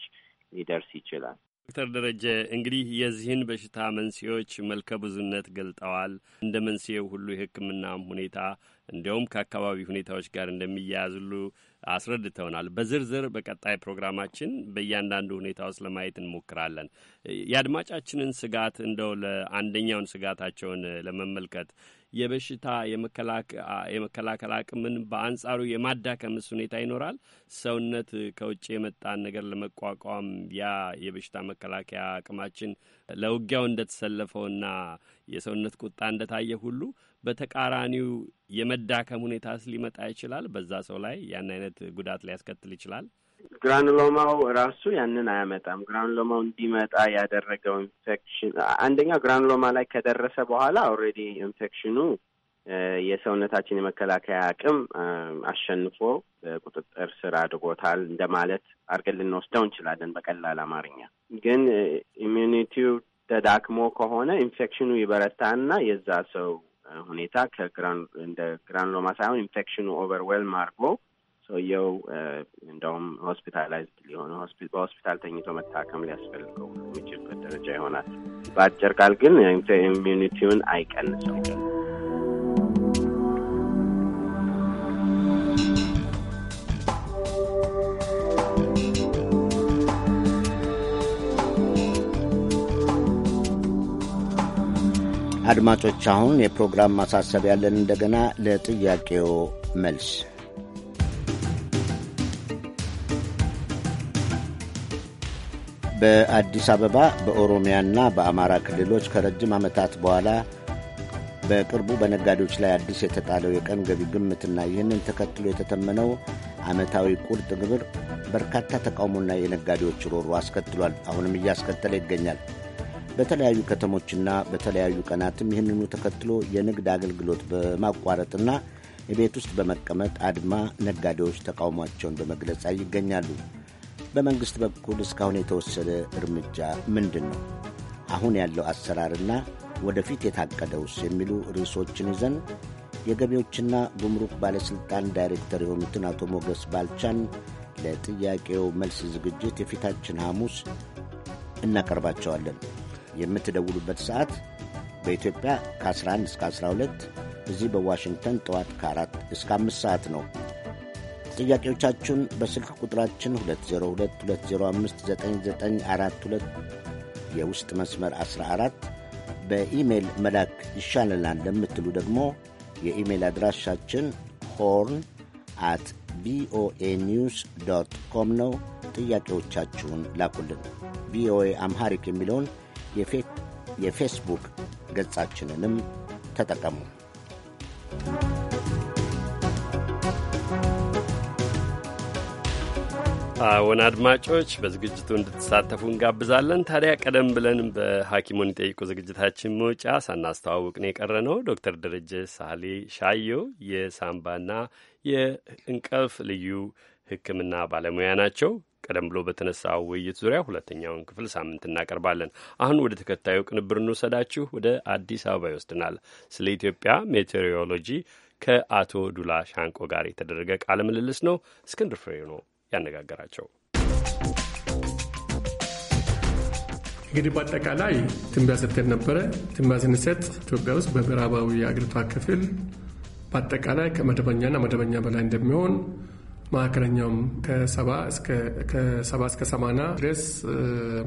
ሊደርስ ይችላል። ዶክተር ደረጀ እንግዲህ የዚህን በሽታ መንስኤዎች መልከ ብዙነት ገልጠዋል። እንደ መንስኤው ሁሉ የሕክምናም ሁኔታ እንዲያውም ከአካባቢ ሁኔታዎች ጋር እንደሚያያዝ ሁሉ አስረድተውናል። በዝርዝር በቀጣይ ፕሮግራማችን በእያንዳንዱ ሁኔታ ውስጥ ለማየት እንሞክራለን። የአድማጫችንን ስጋት እንደው ለአንደኛውን ስጋታቸውን ለመመልከት የበሽታ የመከላከል አቅምን በአንጻሩ የማዳከምስ ሁኔታ ይኖራል። ሰውነት ከውጭ የመጣን ነገር ለመቋቋም ያ የበሽታ መከላከያ አቅማችን ለውጊያው እንደተሰለፈውና የሰውነት ቁጣ እንደታየ ሁሉ በተቃራኒው የመዳከም ሁኔታስ ሊመጣ ይችላል። በዛ ሰው ላይ ያን አይነት ጉዳት ሊያስከትል ይችላል። ግራኑሎማው ራሱ ያንን አያመጣም። ግራኑሎማው እንዲመጣ ያደረገው ኢንፌክሽን አንደኛው ግራኑሎማ ላይ ከደረሰ በኋላ ኦልሬዲ ኢንፌክሽኑ የሰውነታችን የመከላከያ አቅም አሸንፎ ቁጥጥር ስር አድርጎታል እንደማለት አድርገን ልንወስደው እንችላለን። በቀላል አማርኛ ግን ኢሚዩኒቲው ተዳክሞ ከሆነ ኢንፌክሽኑ ይበረታና የዛ ሰው ሁኔታ ከግራን እንደ ሳይሆን ኢንፌክሽኑ ኦቨርዌልም አድርጎ ሰውየው እንደውም ሆስፒታላይዝድ ሊሆነ በሆስፒታል ተኝቶ መታከም ሊያስፈልገው የሚችልበት ደረጃ ይሆናል። በአጭር ቃል ግን ኢሚዩኒቲውን አይቀንሰው። አድማጮች አሁን የፕሮግራም ማሳሰብ ያለን እንደገና ለጥያቄው መልስ በአዲስ አበባ በኦሮሚያና በአማራ ክልሎች ከረጅም ዓመታት በኋላ በቅርቡ በነጋዴዎች ላይ አዲስ የተጣለው የቀን ገቢ ግምትና ይህንን ተከትሎ የተተመነው ዓመታዊ ቁርጥ ግብር በርካታ ተቃውሞና የነጋዴዎች ሮሮ አስከትሏል። አሁንም እያስከተለ ይገኛል። በተለያዩ ከተሞችና በተለያዩ ቀናትም ይህንኑ ተከትሎ የንግድ አገልግሎት በማቋረጥና የቤት ውስጥ በመቀመጥ አድማ ነጋዴዎች ተቃውሟቸውን በመግለጽ ላይ ይገኛሉ። በመንግሥት በኩል እስካሁን የተወሰደ እርምጃ ምንድን ነው? አሁን ያለው አሰራርና ወደፊት የታቀደውስ የሚሉ ርዕሶችን ይዘን የገቢዎችና ጉምሩክ ባለሥልጣን ዳይሬክተር የሆኑትን አቶ ሞገስ ባልቻን ለጥያቄው መልስ ዝግጅት የፊታችን ሐሙስ እናቀርባቸዋለን። የምትደውሉበት ሰዓት በኢትዮጵያ ከ11 እስከ 12 እዚህ በዋሽንግተን ጠዋት ከ4 እስከ 5 ሰዓት ነው። ጥያቄዎቻችሁን በስልክ ቁጥራችን 2022059942 የውስጥ መስመር 14 በኢሜይል መላክ ይሻለናል ለምትሉ ደግሞ የኢሜይል አድራሻችን ሆርን አት ቪኦኤ ኒውስ ዶት ኮም ነው። ጥያቄዎቻችሁን ላኩልን። ቪኦኤ አምሃሪክ የሚለውን የፌስቡክ ገጻችንንም ተጠቀሙ። አዎን አድማጮች በዝግጅቱ እንድትሳተፉ እንጋብዛለን። ታዲያ ቀደም ብለን በሐኪሙን ይጠይቁ ዝግጅታችን መውጫ ሳናስተዋውቅ ነው የቀረ ነው። ዶክተር ደረጀ ሳሌ ሻዮ የሳምባና የእንቅልፍ ልዩ ሕክምና ባለሙያ ናቸው። ቀደም ብሎ በተነሳው ውይይት ዙሪያ ሁለተኛውን ክፍል ሳምንት እናቀርባለን። አሁን ወደ ተከታዩ ቅንብር እንውሰዳችሁ። ወደ አዲስ አበባ ይወስድናል። ስለ ኢትዮጵያ ሜቴሮሎጂ ከአቶ ዱላ ሻንቆ ጋር የተደረገ ቃለ ምልልስ ነው። እስክንድር ፍሬው ነው ያነጋገራቸው። እንግዲህ በአጠቃላይ ትንበያ ሰጥተን ነበረ። ትንበያ ስንሰጥ ኢትዮጵያ ውስጥ በምዕራባዊ የአገሪቷ ክፍል በአጠቃላይ ከመደበኛና መደበኛ በላይ እንደሚሆን መካከለኛውም ከሰባ እስከ ሰማና ድረስ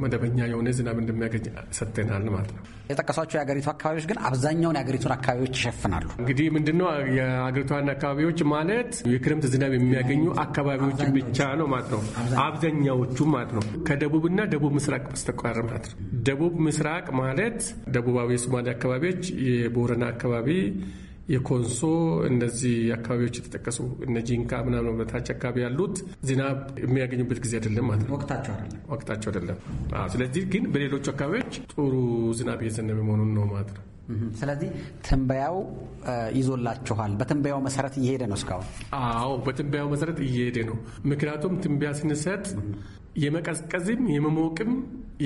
መደበኛ የሆነ ዝናብ እንደሚያገኝ ሰጥተናል ማለት ነው። የጠቀሷቸው የአገሪቱ አካባቢዎች ግን አብዛኛውን የአገሪቱን አካባቢዎች ይሸፍናሉ። እንግዲህ ምንድነው የአገሪቷን አካባቢዎች ማለት የክረምት ዝናብ የሚያገኙ አካባቢዎች ብቻ ነው ማለት ነው። አብዛኛዎቹ ማለት ነው ከደቡብና ደቡብ ምስራቅ በስተቀር ማለት ነው። ደቡብ ምስራቅ ማለት ደቡባዊ የሶማሌ አካባቢዎች፣ የቦረና አካባቢ የኮንሶ እነዚህ አካባቢዎች የተጠቀሱ እነ ጂንካ ምናምን በታች አካባቢ ያሉት ዝናብ የሚያገኙበት ጊዜ አይደለም ማለት ነው። ወቅታቸው አይደለም። ስለዚህ ግን በሌሎቹ አካባቢዎች ጥሩ ዝናብ እየዘነበ መሆኑን ነው ማለት ነው። ስለዚህ ትንበያው ይዞላችኋል። በትንበያው መሰረት እየሄደ ነው እስካሁን? አዎ በትንበያው መሰረት እየሄደ ነው። ምክንያቱም ትንበያ ስንሰጥ የመቀዝቀዝም የመሞቅም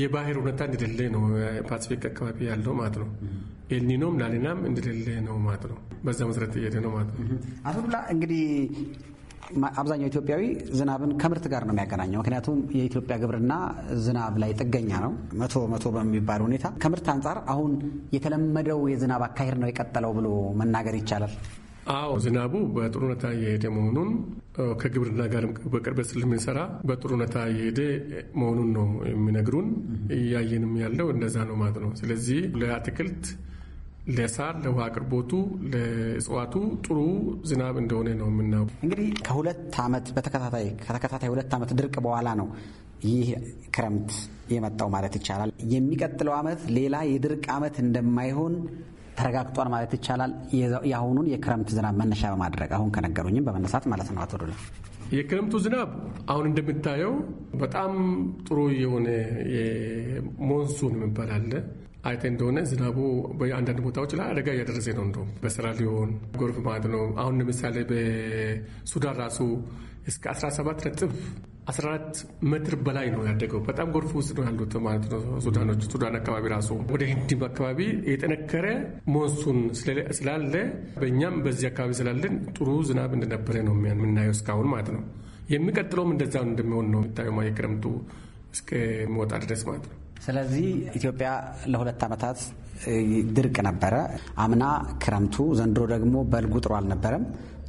የባህር ሁኔታ እንደሌለ ነው ፓስፊክ አካባቢ ያለው ማለት ነው። ኤልኒኖም ላሊናም እንደሌለ ነው ማለት ነው። በዛ መሰረት ጥያቄ ነው ማለት ነው። አቶ ዱላ እንግዲህ አብዛኛው ኢትዮጵያዊ ዝናብን ከምርት ጋር ነው የሚያገናኘው። ምክንያቱም የኢትዮጵያ ግብርና ዝናብ ላይ ጥገኛ ነው መቶ መቶ በሚባል ሁኔታ። ከምርት አንጻር አሁን የተለመደው የዝናብ አካሄድ ነው የቀጠለው ብሎ መናገር ይቻላል። አዎ ዝናቡ በጥሩ ሁኔታ እየሄደ መሆኑን ከግብርና ጋር በቅርበት ስለምንሰራ በጥሩ ሁኔታ እየሄደ መሆኑን ነው የሚነግሩን። እያየንም ያለው እንደዛ ነው ማለት ነው። ስለዚህ ለአትክልት ለሳር ለውሃ አቅርቦቱ ለእጽዋቱ ጥሩ ዝናብ እንደሆነ ነው የምናው። እንግዲህ ከሁለት ዓመት በተከታታይ ከተከታታይ ሁለት ዓመት ድርቅ በኋላ ነው ይህ ክረምት የመጣው ማለት ይቻላል። የሚቀጥለው ዓመት ሌላ የድርቅ ዓመት እንደማይሆን ተረጋግጧል ማለት ይቻላል። የአሁኑን የክረምት ዝናብ መነሻ በማድረግ አሁን ከነገሩኝም በመነሳት ማለት ነው። አቶ ዱላ፣ የክረምቱ ዝናብ አሁን እንደምታየው በጣም ጥሩ የሆነ የሞንሱን የሚባል አለ። አይተ እንደሆነ ዝናቡ በአንዳንድ ቦታዎች ላይ አደጋ እያደረሰ ነው። እንደውም በስራ ሊሆን ጎርፍ ማለት ነው። አሁን ለምሳሌ በሱዳን ራሱ እስከ 17 ነጥብ 14 ሜትር በላይ ነው ያደገው። በጣም ጎርፍ ውስጥ ነው ያሉት ማለት ነው ሱዳኖች። ሱዳን አካባቢ ራሱ ወደ ሂንዲም አካባቢ የጠነከረ ሞንሱን ስላለ በእኛም በዚህ አካባቢ ስላለን ጥሩ ዝናብ እንደነበረ ነው የምናየው እስካሁን ማለት ነው። የሚቀጥለውም እንደዛ እንደሚሆን ነው የምታየው የክረምቱ እስከሚወጣ ድረስ ማለት ነው። ስለዚህ ኢትዮጵያ ለሁለት ዓመታት ድርቅ ነበረ። አምና ክረምቱ፣ ዘንድሮ ደግሞ በልጉ ጥሩ አልነበረም።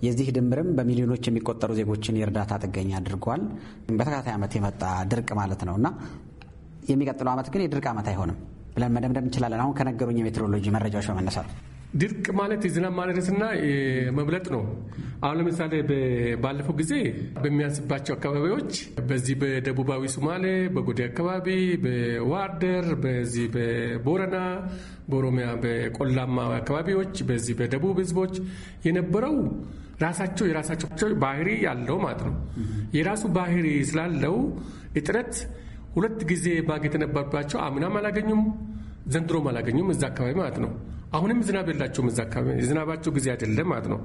የዚህ ድምርም በሚሊዮኖች የሚቆጠሩ ዜጎችን የእርዳታ ጥገኛ አድርጓል። በተከታታይ ዓመት የመጣ ድርቅ ማለት ነው እና የሚቀጥለው ዓመት ግን የድርቅ ዓመት አይሆንም ብለን መደምደም እንችላለን። አሁን ከነገሩኝ የሜትሮሎጂ መረጃዎች በመነሳት ድርቅ ማለት የዝናብ ማድረስና መብለጥ ነው። አሁን ለምሳሌ ባለፈው ጊዜ በሚያንስባቸው አካባቢዎች በዚህ በደቡባዊ ሶማሌ፣ በጎዴ አካባቢ፣ በዋርደር፣ በዚህ በቦረና፣ በኦሮሚያ በቆላማ አካባቢዎች፣ በዚህ በደቡብ ህዝቦች የነበረው ራሳቸው የራሳቸው ባህሪ ያለው ማለት ነው። የራሱ ባህሪ ስላለው እጥረት ሁለት ጊዜ ባግ የተነበርባቸው አምናም አላገኙም፣ ዘንድሮም አላገኙም እዛ አካባቢ ማለት ነው። አሁንም ዝናብ የላቸውም። እዛ አካባቢ የዝናባቸው ጊዜ አይደለም ማለት ነው።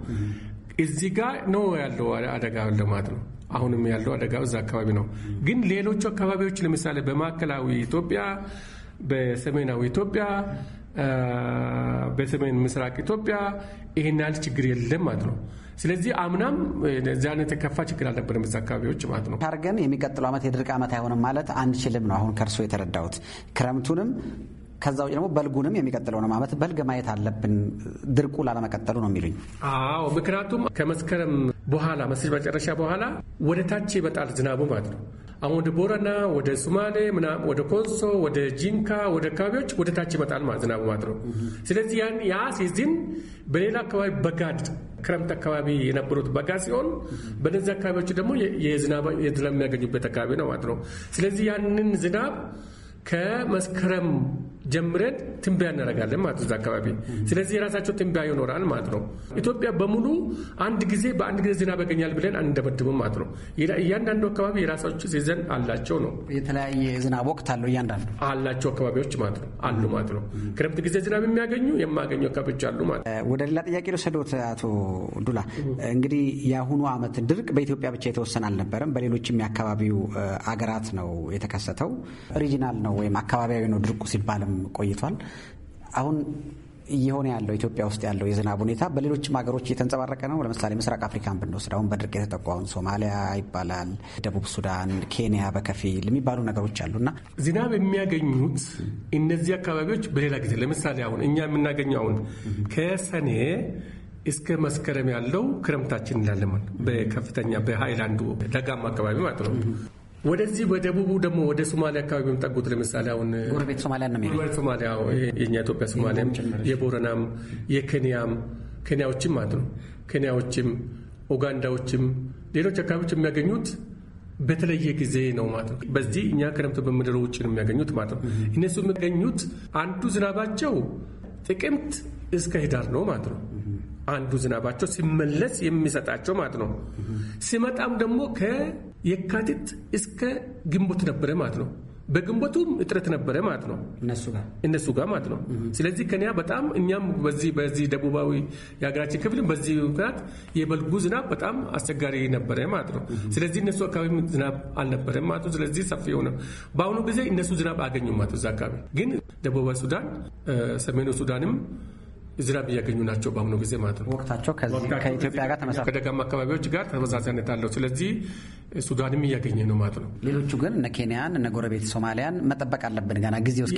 እዚህ ጋር ነው ያለው አደጋ ማለት ነው። አሁንም ያለው አደጋ እዛ አካባቢ ነው። ግን ሌሎቹ አካባቢዎች ለምሳሌ በማዕከላዊ ኢትዮጵያ፣ በሰሜናዊ ኢትዮጵያ፣ በሰሜን ምስራቅ ኢትዮጵያ ይህን ያህል ችግር የለም ማለት ነው። ስለዚህ አምናም እዚ አይነት የከፋ ችግር አልነበረም እዛ አካባቢዎች ማለት ነው። ታርገን የሚቀጥለው ዓመት የድርቅ ዓመት አይሆንም ማለት አንችልም ነው አሁን ከእርሶ የተረዳሁት። ክረምቱንም ከዛ ውጭ ደግሞ በልጉንም ነው ማለት በልግ ማየት አለብን ድርቁ ላለመቀጠሉ ነው የሚሉኝ። አዎ ምክንያቱም ከመስከረም በኋላ መስጅ መጨረሻ በኋላ ወደ ታች ይመጣል ዝናቡ ማለት ነው። አሁን ወደ ቦረና፣ ወደ ሱማሌ፣ ወደ ኮንሶ፣ ወደ ጂንካ፣ ወደ አካባቢዎች ወደ ታች ይመጣል ዝናቡ ማለት ነው። ስለዚህ ያ ሲዝን በሌላ አካባቢ በጋድ ክረምት አካባቢ የነበሩት በጋ ሲሆን በነዚህ አካባቢዎች ደግሞ የዝናብ የሚያገኙበት አካባቢ ነው ማለት ነው። ስለዚህ ያንን ዝናብ ከመስከረም ጀምረን ትንበያ እናደርጋለን ማለት እዛ አካባቢ። ስለዚህ የራሳቸው ትንበያ ይኖራል ማለት ነው። ኢትዮጵያ በሙሉ አንድ ጊዜ በአንድ ጊዜ ዝናብ ያገኛል ብለን አንደበድብም ማለት ነው። እያንዳንዱ አካባቢ የራሳቸው ሲዘን አላቸው ነው። የተለያየ ዝናብ ወቅት አለው እያንዳንዱ አላቸው አካባቢዎች ማለት ነው አሉ ማለት ነው። ክረምት ጊዜ ዝናብ የሚያገኙ የማያገኙ አካባቢዎች አሉ ማለት ነው። ወደ ሌላ ጥያቄ ልውሰዶት አቶ ዱላ እንግዲህ የአሁኑ ዓመት ድርቅ በኢትዮጵያ ብቻ የተወሰነ አልነበረም። በሌሎችም የአካባቢው አገራት ነው የተከሰተው። ሪጂናል ነው ወይም አካባቢያዊ ነው ድርቁ ሲባልም ቆይቷል። አሁን እየሆነ ያለው ኢትዮጵያ ውስጥ ያለው የዝናብ ሁኔታ በሌሎችም ሀገሮች እየተንጸባረቀ ነው። ለምሳሌ ምስራቅ አፍሪካን ብንወስድ አሁን በድርቅ የተጠቋውን ሶማሊያ ይባላል፣ ደቡብ ሱዳን፣ ኬንያ በከፊል የሚባሉ ነገሮች አሉና ዝናብ የሚያገኙት እነዚህ አካባቢዎች በሌላ ጊዜ ለምሳሌ አሁን እኛ የምናገኘው አሁን ከሰኔ እስከ መስከረም ያለው ክረምታችን እንላለን በከፍተኛ በሃይላንዱ ደጋማ አካባቢ ማለት ነው። ወደዚህ በደቡቡ ደግሞ ወደ ሶማሊያ አካባቢ የሚጠጉት ለምሳሌ አሁን ጎረቤት ሶማሊያ ነው ጎረቤት ሶማሊያ የኛ ኢትዮጵያ ሶማሊያም፣ የቦረናም፣ የኬንያም ኬንያዎችም ማለት ነው ኬንያዎችም፣ ኡጋንዳዎችም ሌሎች አካባቢዎች የሚያገኙት በተለየ ጊዜ ነው ማለት ነው። በዚህ እኛ ክረምት በምድር ውጭ ነው የሚያገኙት ማለት ነው። እነሱ የሚያገኙት አንዱ ዝናባቸው ጥቅምት እስከ ህዳር ነው ማለት ነው። አንዱ ዝናባቸው ሲመለስ የሚሰጣቸው ማለት ነው። ሲመጣም ደግሞ ከ። የካቲት እስከ ግንቦት ነበረ ማለት ነው። በግንቦቱም እጥረት ነበረ ማለት ነው እነሱ ጋር ማለት ነው። ስለዚህ ከኒያ በጣም እኛም በዚህ በዚህ ደቡባዊ የሀገራችን ክፍልም በዚህ ምክንያት የበልጉ ዝናብ በጣም አስቸጋሪ ነበረ ማለት ነው። ስለዚህ እነሱ አካባቢ ዝናብ አልነበረም ማለት ነው። ስለዚህ ሰፊ የሆነ በአሁኑ ጊዜ እነሱ ዝናብ አገኙ ማለት ነው። እዛ አካባቢ ግን ደቡባዊ ሱዳን፣ ሰሜኑ ሱዳንም ዝናብ እያገኙ ናቸው። በአሁኑ ጊዜ ማለት ነው። ወቅታቸው ከኢትዮጵያ ጋር ተመሳሳይ ከደጋማ አካባቢዎች ጋር ተመሳሳይነት አለው። ስለዚህ ሱዳንም እያገኘ ነው ማለት ነው። ሌሎቹ ግን እነ ኬንያን እነ ጎረቤት ሶማሊያን መጠበቅ አለብን። ገና ጊዜ ውስጥ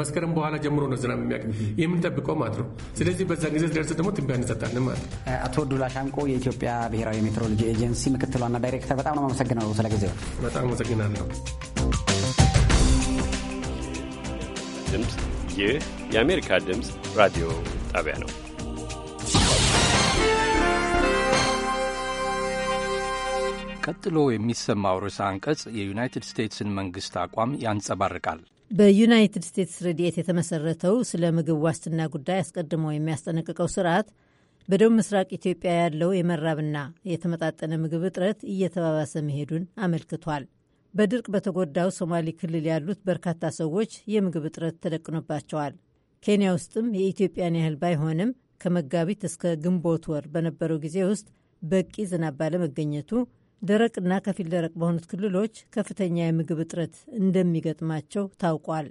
መስከረም በኋላ ጀምሮ ነው ዝናብ የሚያገኝ የምንጠብቀው ማለት ነው። ስለዚህ በዛን ጊዜ ሲደርስ ደግሞ ትንቢያ እንሰጣለን ማለት ነው። አቶ ዱላ ሻንቆ የኢትዮጵያ ብሔራዊ ሜትሮሎጂ ኤጀንሲ ምክትል ዋና ዳይሬክተር፣ በጣም ነው አመሰግናለሁ ስለ ጊዜው። በጣም አመሰግናለሁ። ይህ የአሜሪካ ድምፅ ራዲዮ ጣቢያ ነው። ቀጥሎ የሚሰማው ርዕሰ አንቀጽ የዩናይትድ ስቴትስን መንግሥት አቋም ያንጸባርቃል። በዩናይትድ ስቴትስ ረድኤት የተመሰረተው ስለ ምግብ ዋስትና ጉዳይ አስቀድሞ የሚያስጠነቅቀው ስርዓት በደቡብ ምስራቅ ኢትዮጵያ ያለው የመራብና የተመጣጠነ ምግብ እጥረት እየተባባሰ መሄዱን አመልክቷል። በድርቅ በተጎዳው ሶማሌ ክልል ያሉት በርካታ ሰዎች የምግብ እጥረት ተደቅኖባቸዋል። ኬንያ ውስጥም የኢትዮጵያን ያህል ባይሆንም ከመጋቢት እስከ ግንቦት ወር በነበረው ጊዜ ውስጥ በቂ ዝናብ ባለመገኘቱ ደረቅና ከፊል ደረቅ በሆኑት ክልሎች ከፍተኛ የምግብ እጥረት እንደሚገጥማቸው ታውቋል።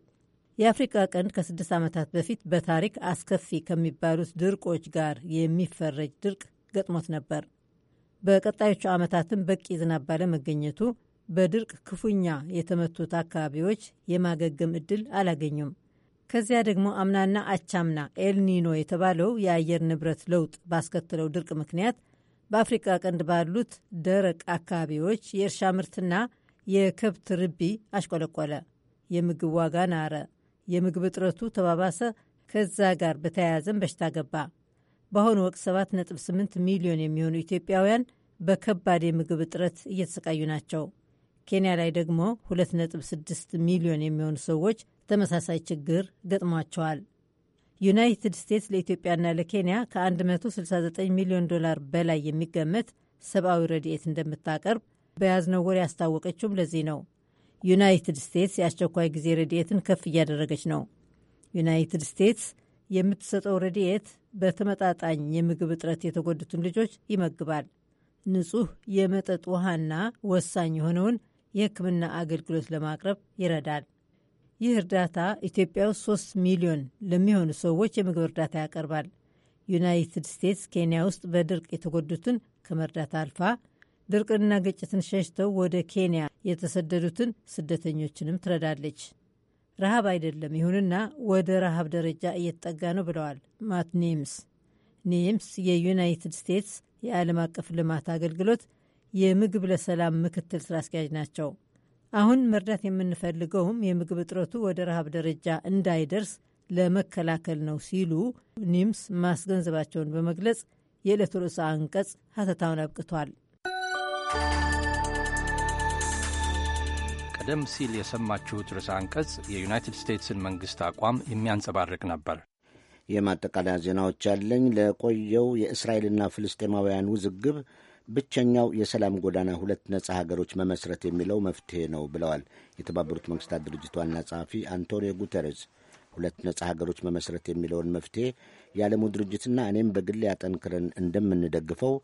የአፍሪቃ ቀንድ ከስድስት ዓመታት በፊት በታሪክ አስከፊ ከሚባሉት ድርቆች ጋር የሚፈረጅ ድርቅ ገጥሞት ነበር። በቀጣዮቹ ዓመታትም በቂ ዝናብ ባለመገኘቱ በድርቅ ክፉኛ የተመቱት አካባቢዎች የማገገም እድል አላገኙም። ከዚያ ደግሞ አምናና አቻምና ኤልኒኖ የተባለው የአየር ንብረት ለውጥ ባስከተለው ድርቅ ምክንያት በአፍሪካ ቀንድ ባሉት ደረቅ አካባቢዎች የእርሻ ምርትና የከብት ርቢ አሽቆለቆለ፣ የምግብ ዋጋ ናረ፣ የምግብ እጥረቱ ተባባሰ፣ ከዛ ጋር በተያያዘም በሽታ ገባ። በአሁኑ ወቅት 7.8 ሚሊዮን የሚሆኑ ኢትዮጵያውያን በከባድ የምግብ እጥረት እየተሰቃዩ ናቸው። ኬንያ ላይ ደግሞ 2.6 ሚሊዮን የሚሆኑ ሰዎች ተመሳሳይ ችግር ገጥሟቸዋል። ዩናይትድ ስቴትስ ለኢትዮጵያና ለኬንያ ከ169 ሚሊዮን ዶላር በላይ የሚገመት ሰብአዊ ረድኤት እንደምታቀርብ በያዝነው ወር ያስታወቀችውም ለዚህ ነው። ዩናይትድ ስቴትስ የአስቸኳይ ጊዜ ረድኤትን ከፍ እያደረገች ነው። ዩናይትድ ስቴትስ የምትሰጠው ረድኤት በተመጣጣኝ የምግብ እጥረት የተጎዱትን ልጆች ይመግባል። ንጹህ የመጠጥ ውሃና ወሳኝ የሆነውን የሕክምና አገልግሎት ለማቅረብ ይረዳል። ይህ እርዳታ ኢትዮጵያ ውስጥ 3 ሚሊዮን ለሚሆኑ ሰዎች የምግብ እርዳታ ያቀርባል። ዩናይትድ ስቴትስ ኬንያ ውስጥ በድርቅ የተጎዱትን ከመርዳት አልፋ ድርቅና ግጭትን ሸሽተው ወደ ኬንያ የተሰደዱትን ስደተኞችንም ትረዳለች። ረሃብ አይደለም፣ ይሁንና ወደ ረሃብ ደረጃ እየተጠጋ ነው ብለዋል ማት ኔምስ። ኔምስ የዩናይትድ ስቴትስ የዓለም አቀፍ ልማት አገልግሎት የምግብ ለሰላም ምክትል ስራ አስኪያጅ ናቸው። አሁን መርዳት የምንፈልገውም የምግብ እጥረቱ ወደ ረሃብ ደረጃ እንዳይደርስ ለመከላከል ነው ሲሉ ኒምስ ማስገንዘባቸውን በመግለጽ የዕለቱ ርዕሰ አንቀጽ ሀተታውን አብቅቷል። ቀደም ሲል የሰማችሁት ርዕሰ አንቀጽ የዩናይትድ ስቴትስን መንግሥት አቋም የሚያንጸባርቅ ነበር። የማጠቃለያ ዜናዎች ያለኝ ለቆየው የእስራኤልና ፍልስጤማውያን ውዝግብ ብቸኛው የሰላም ጎዳና ሁለት ነጻ ሀገሮች መመስረት የሚለው መፍትሄ ነው ብለዋል የተባበሩት መንግስታት ድርጅት ዋና ጸሐፊ አንቶኒዮ ጉተረስ ሁለት ነጻ ሀገሮች መመስረት የሚለውን መፍትሄ የዓለሙ ድርጅትና እኔም በግሌ አጠንክረን እንደምንደግፈው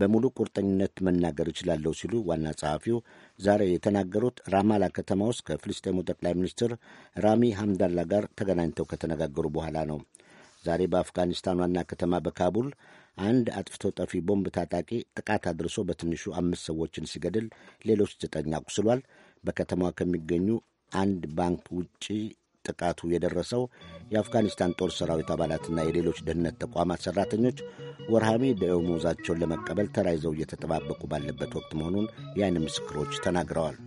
በሙሉ ቁርጠኝነት መናገር እችላለሁ ሲሉ ዋና ጸሐፊው ዛሬ የተናገሩት ራማላ ከተማ ውስጥ ከፍልስጤሙ ጠቅላይ ሚኒስትር ራሚ ሐምዳላ ጋር ተገናኝተው ከተነጋገሩ በኋላ ነው። ዛሬ በአፍጋኒስታን ዋና ከተማ በካቡል አንድ አጥፍቶ ጠፊ ቦምብ ታጣቂ ጥቃት አድርሶ በትንሹ አምስት ሰዎችን ሲገድል ሌሎች ዘጠኝ አቁስሏል። በከተማዋ ከሚገኙ አንድ ባንክ ውጪ ጥቃቱ የደረሰው የአፍጋኒስታን ጦር ሰራዊት አባላትና የሌሎች ደህንነት ተቋማት ሠራተኞች ወርሃሚ ደሞዛቸውን ለመቀበል ተራይዘው እየተጠባበቁ ባለበት ወቅት መሆኑን የአይን ምስክሮች ተናግረዋል።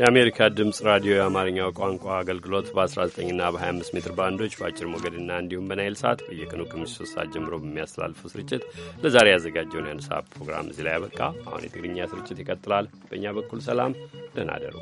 የአሜሪካ ድምፅ ራዲዮ የአማርኛው ቋንቋ አገልግሎት በ19ና በ25 ሜትር ባንዶች በአጭር ሞገድና እንዲሁም በናይል ሰዓት በየቀኑ ከምሽቱ ሶስት ሰዓት ጀምሮ በሚያስተላልፈው ስርጭት ለዛሬ ያዘጋጀውን የአንድ ፕሮግራም እዚህ ላይ ያበቃ። አሁን የትግርኛ ስርጭት ይቀጥላል። በእኛ በኩል ሰላም፣ ደህና አደሩ።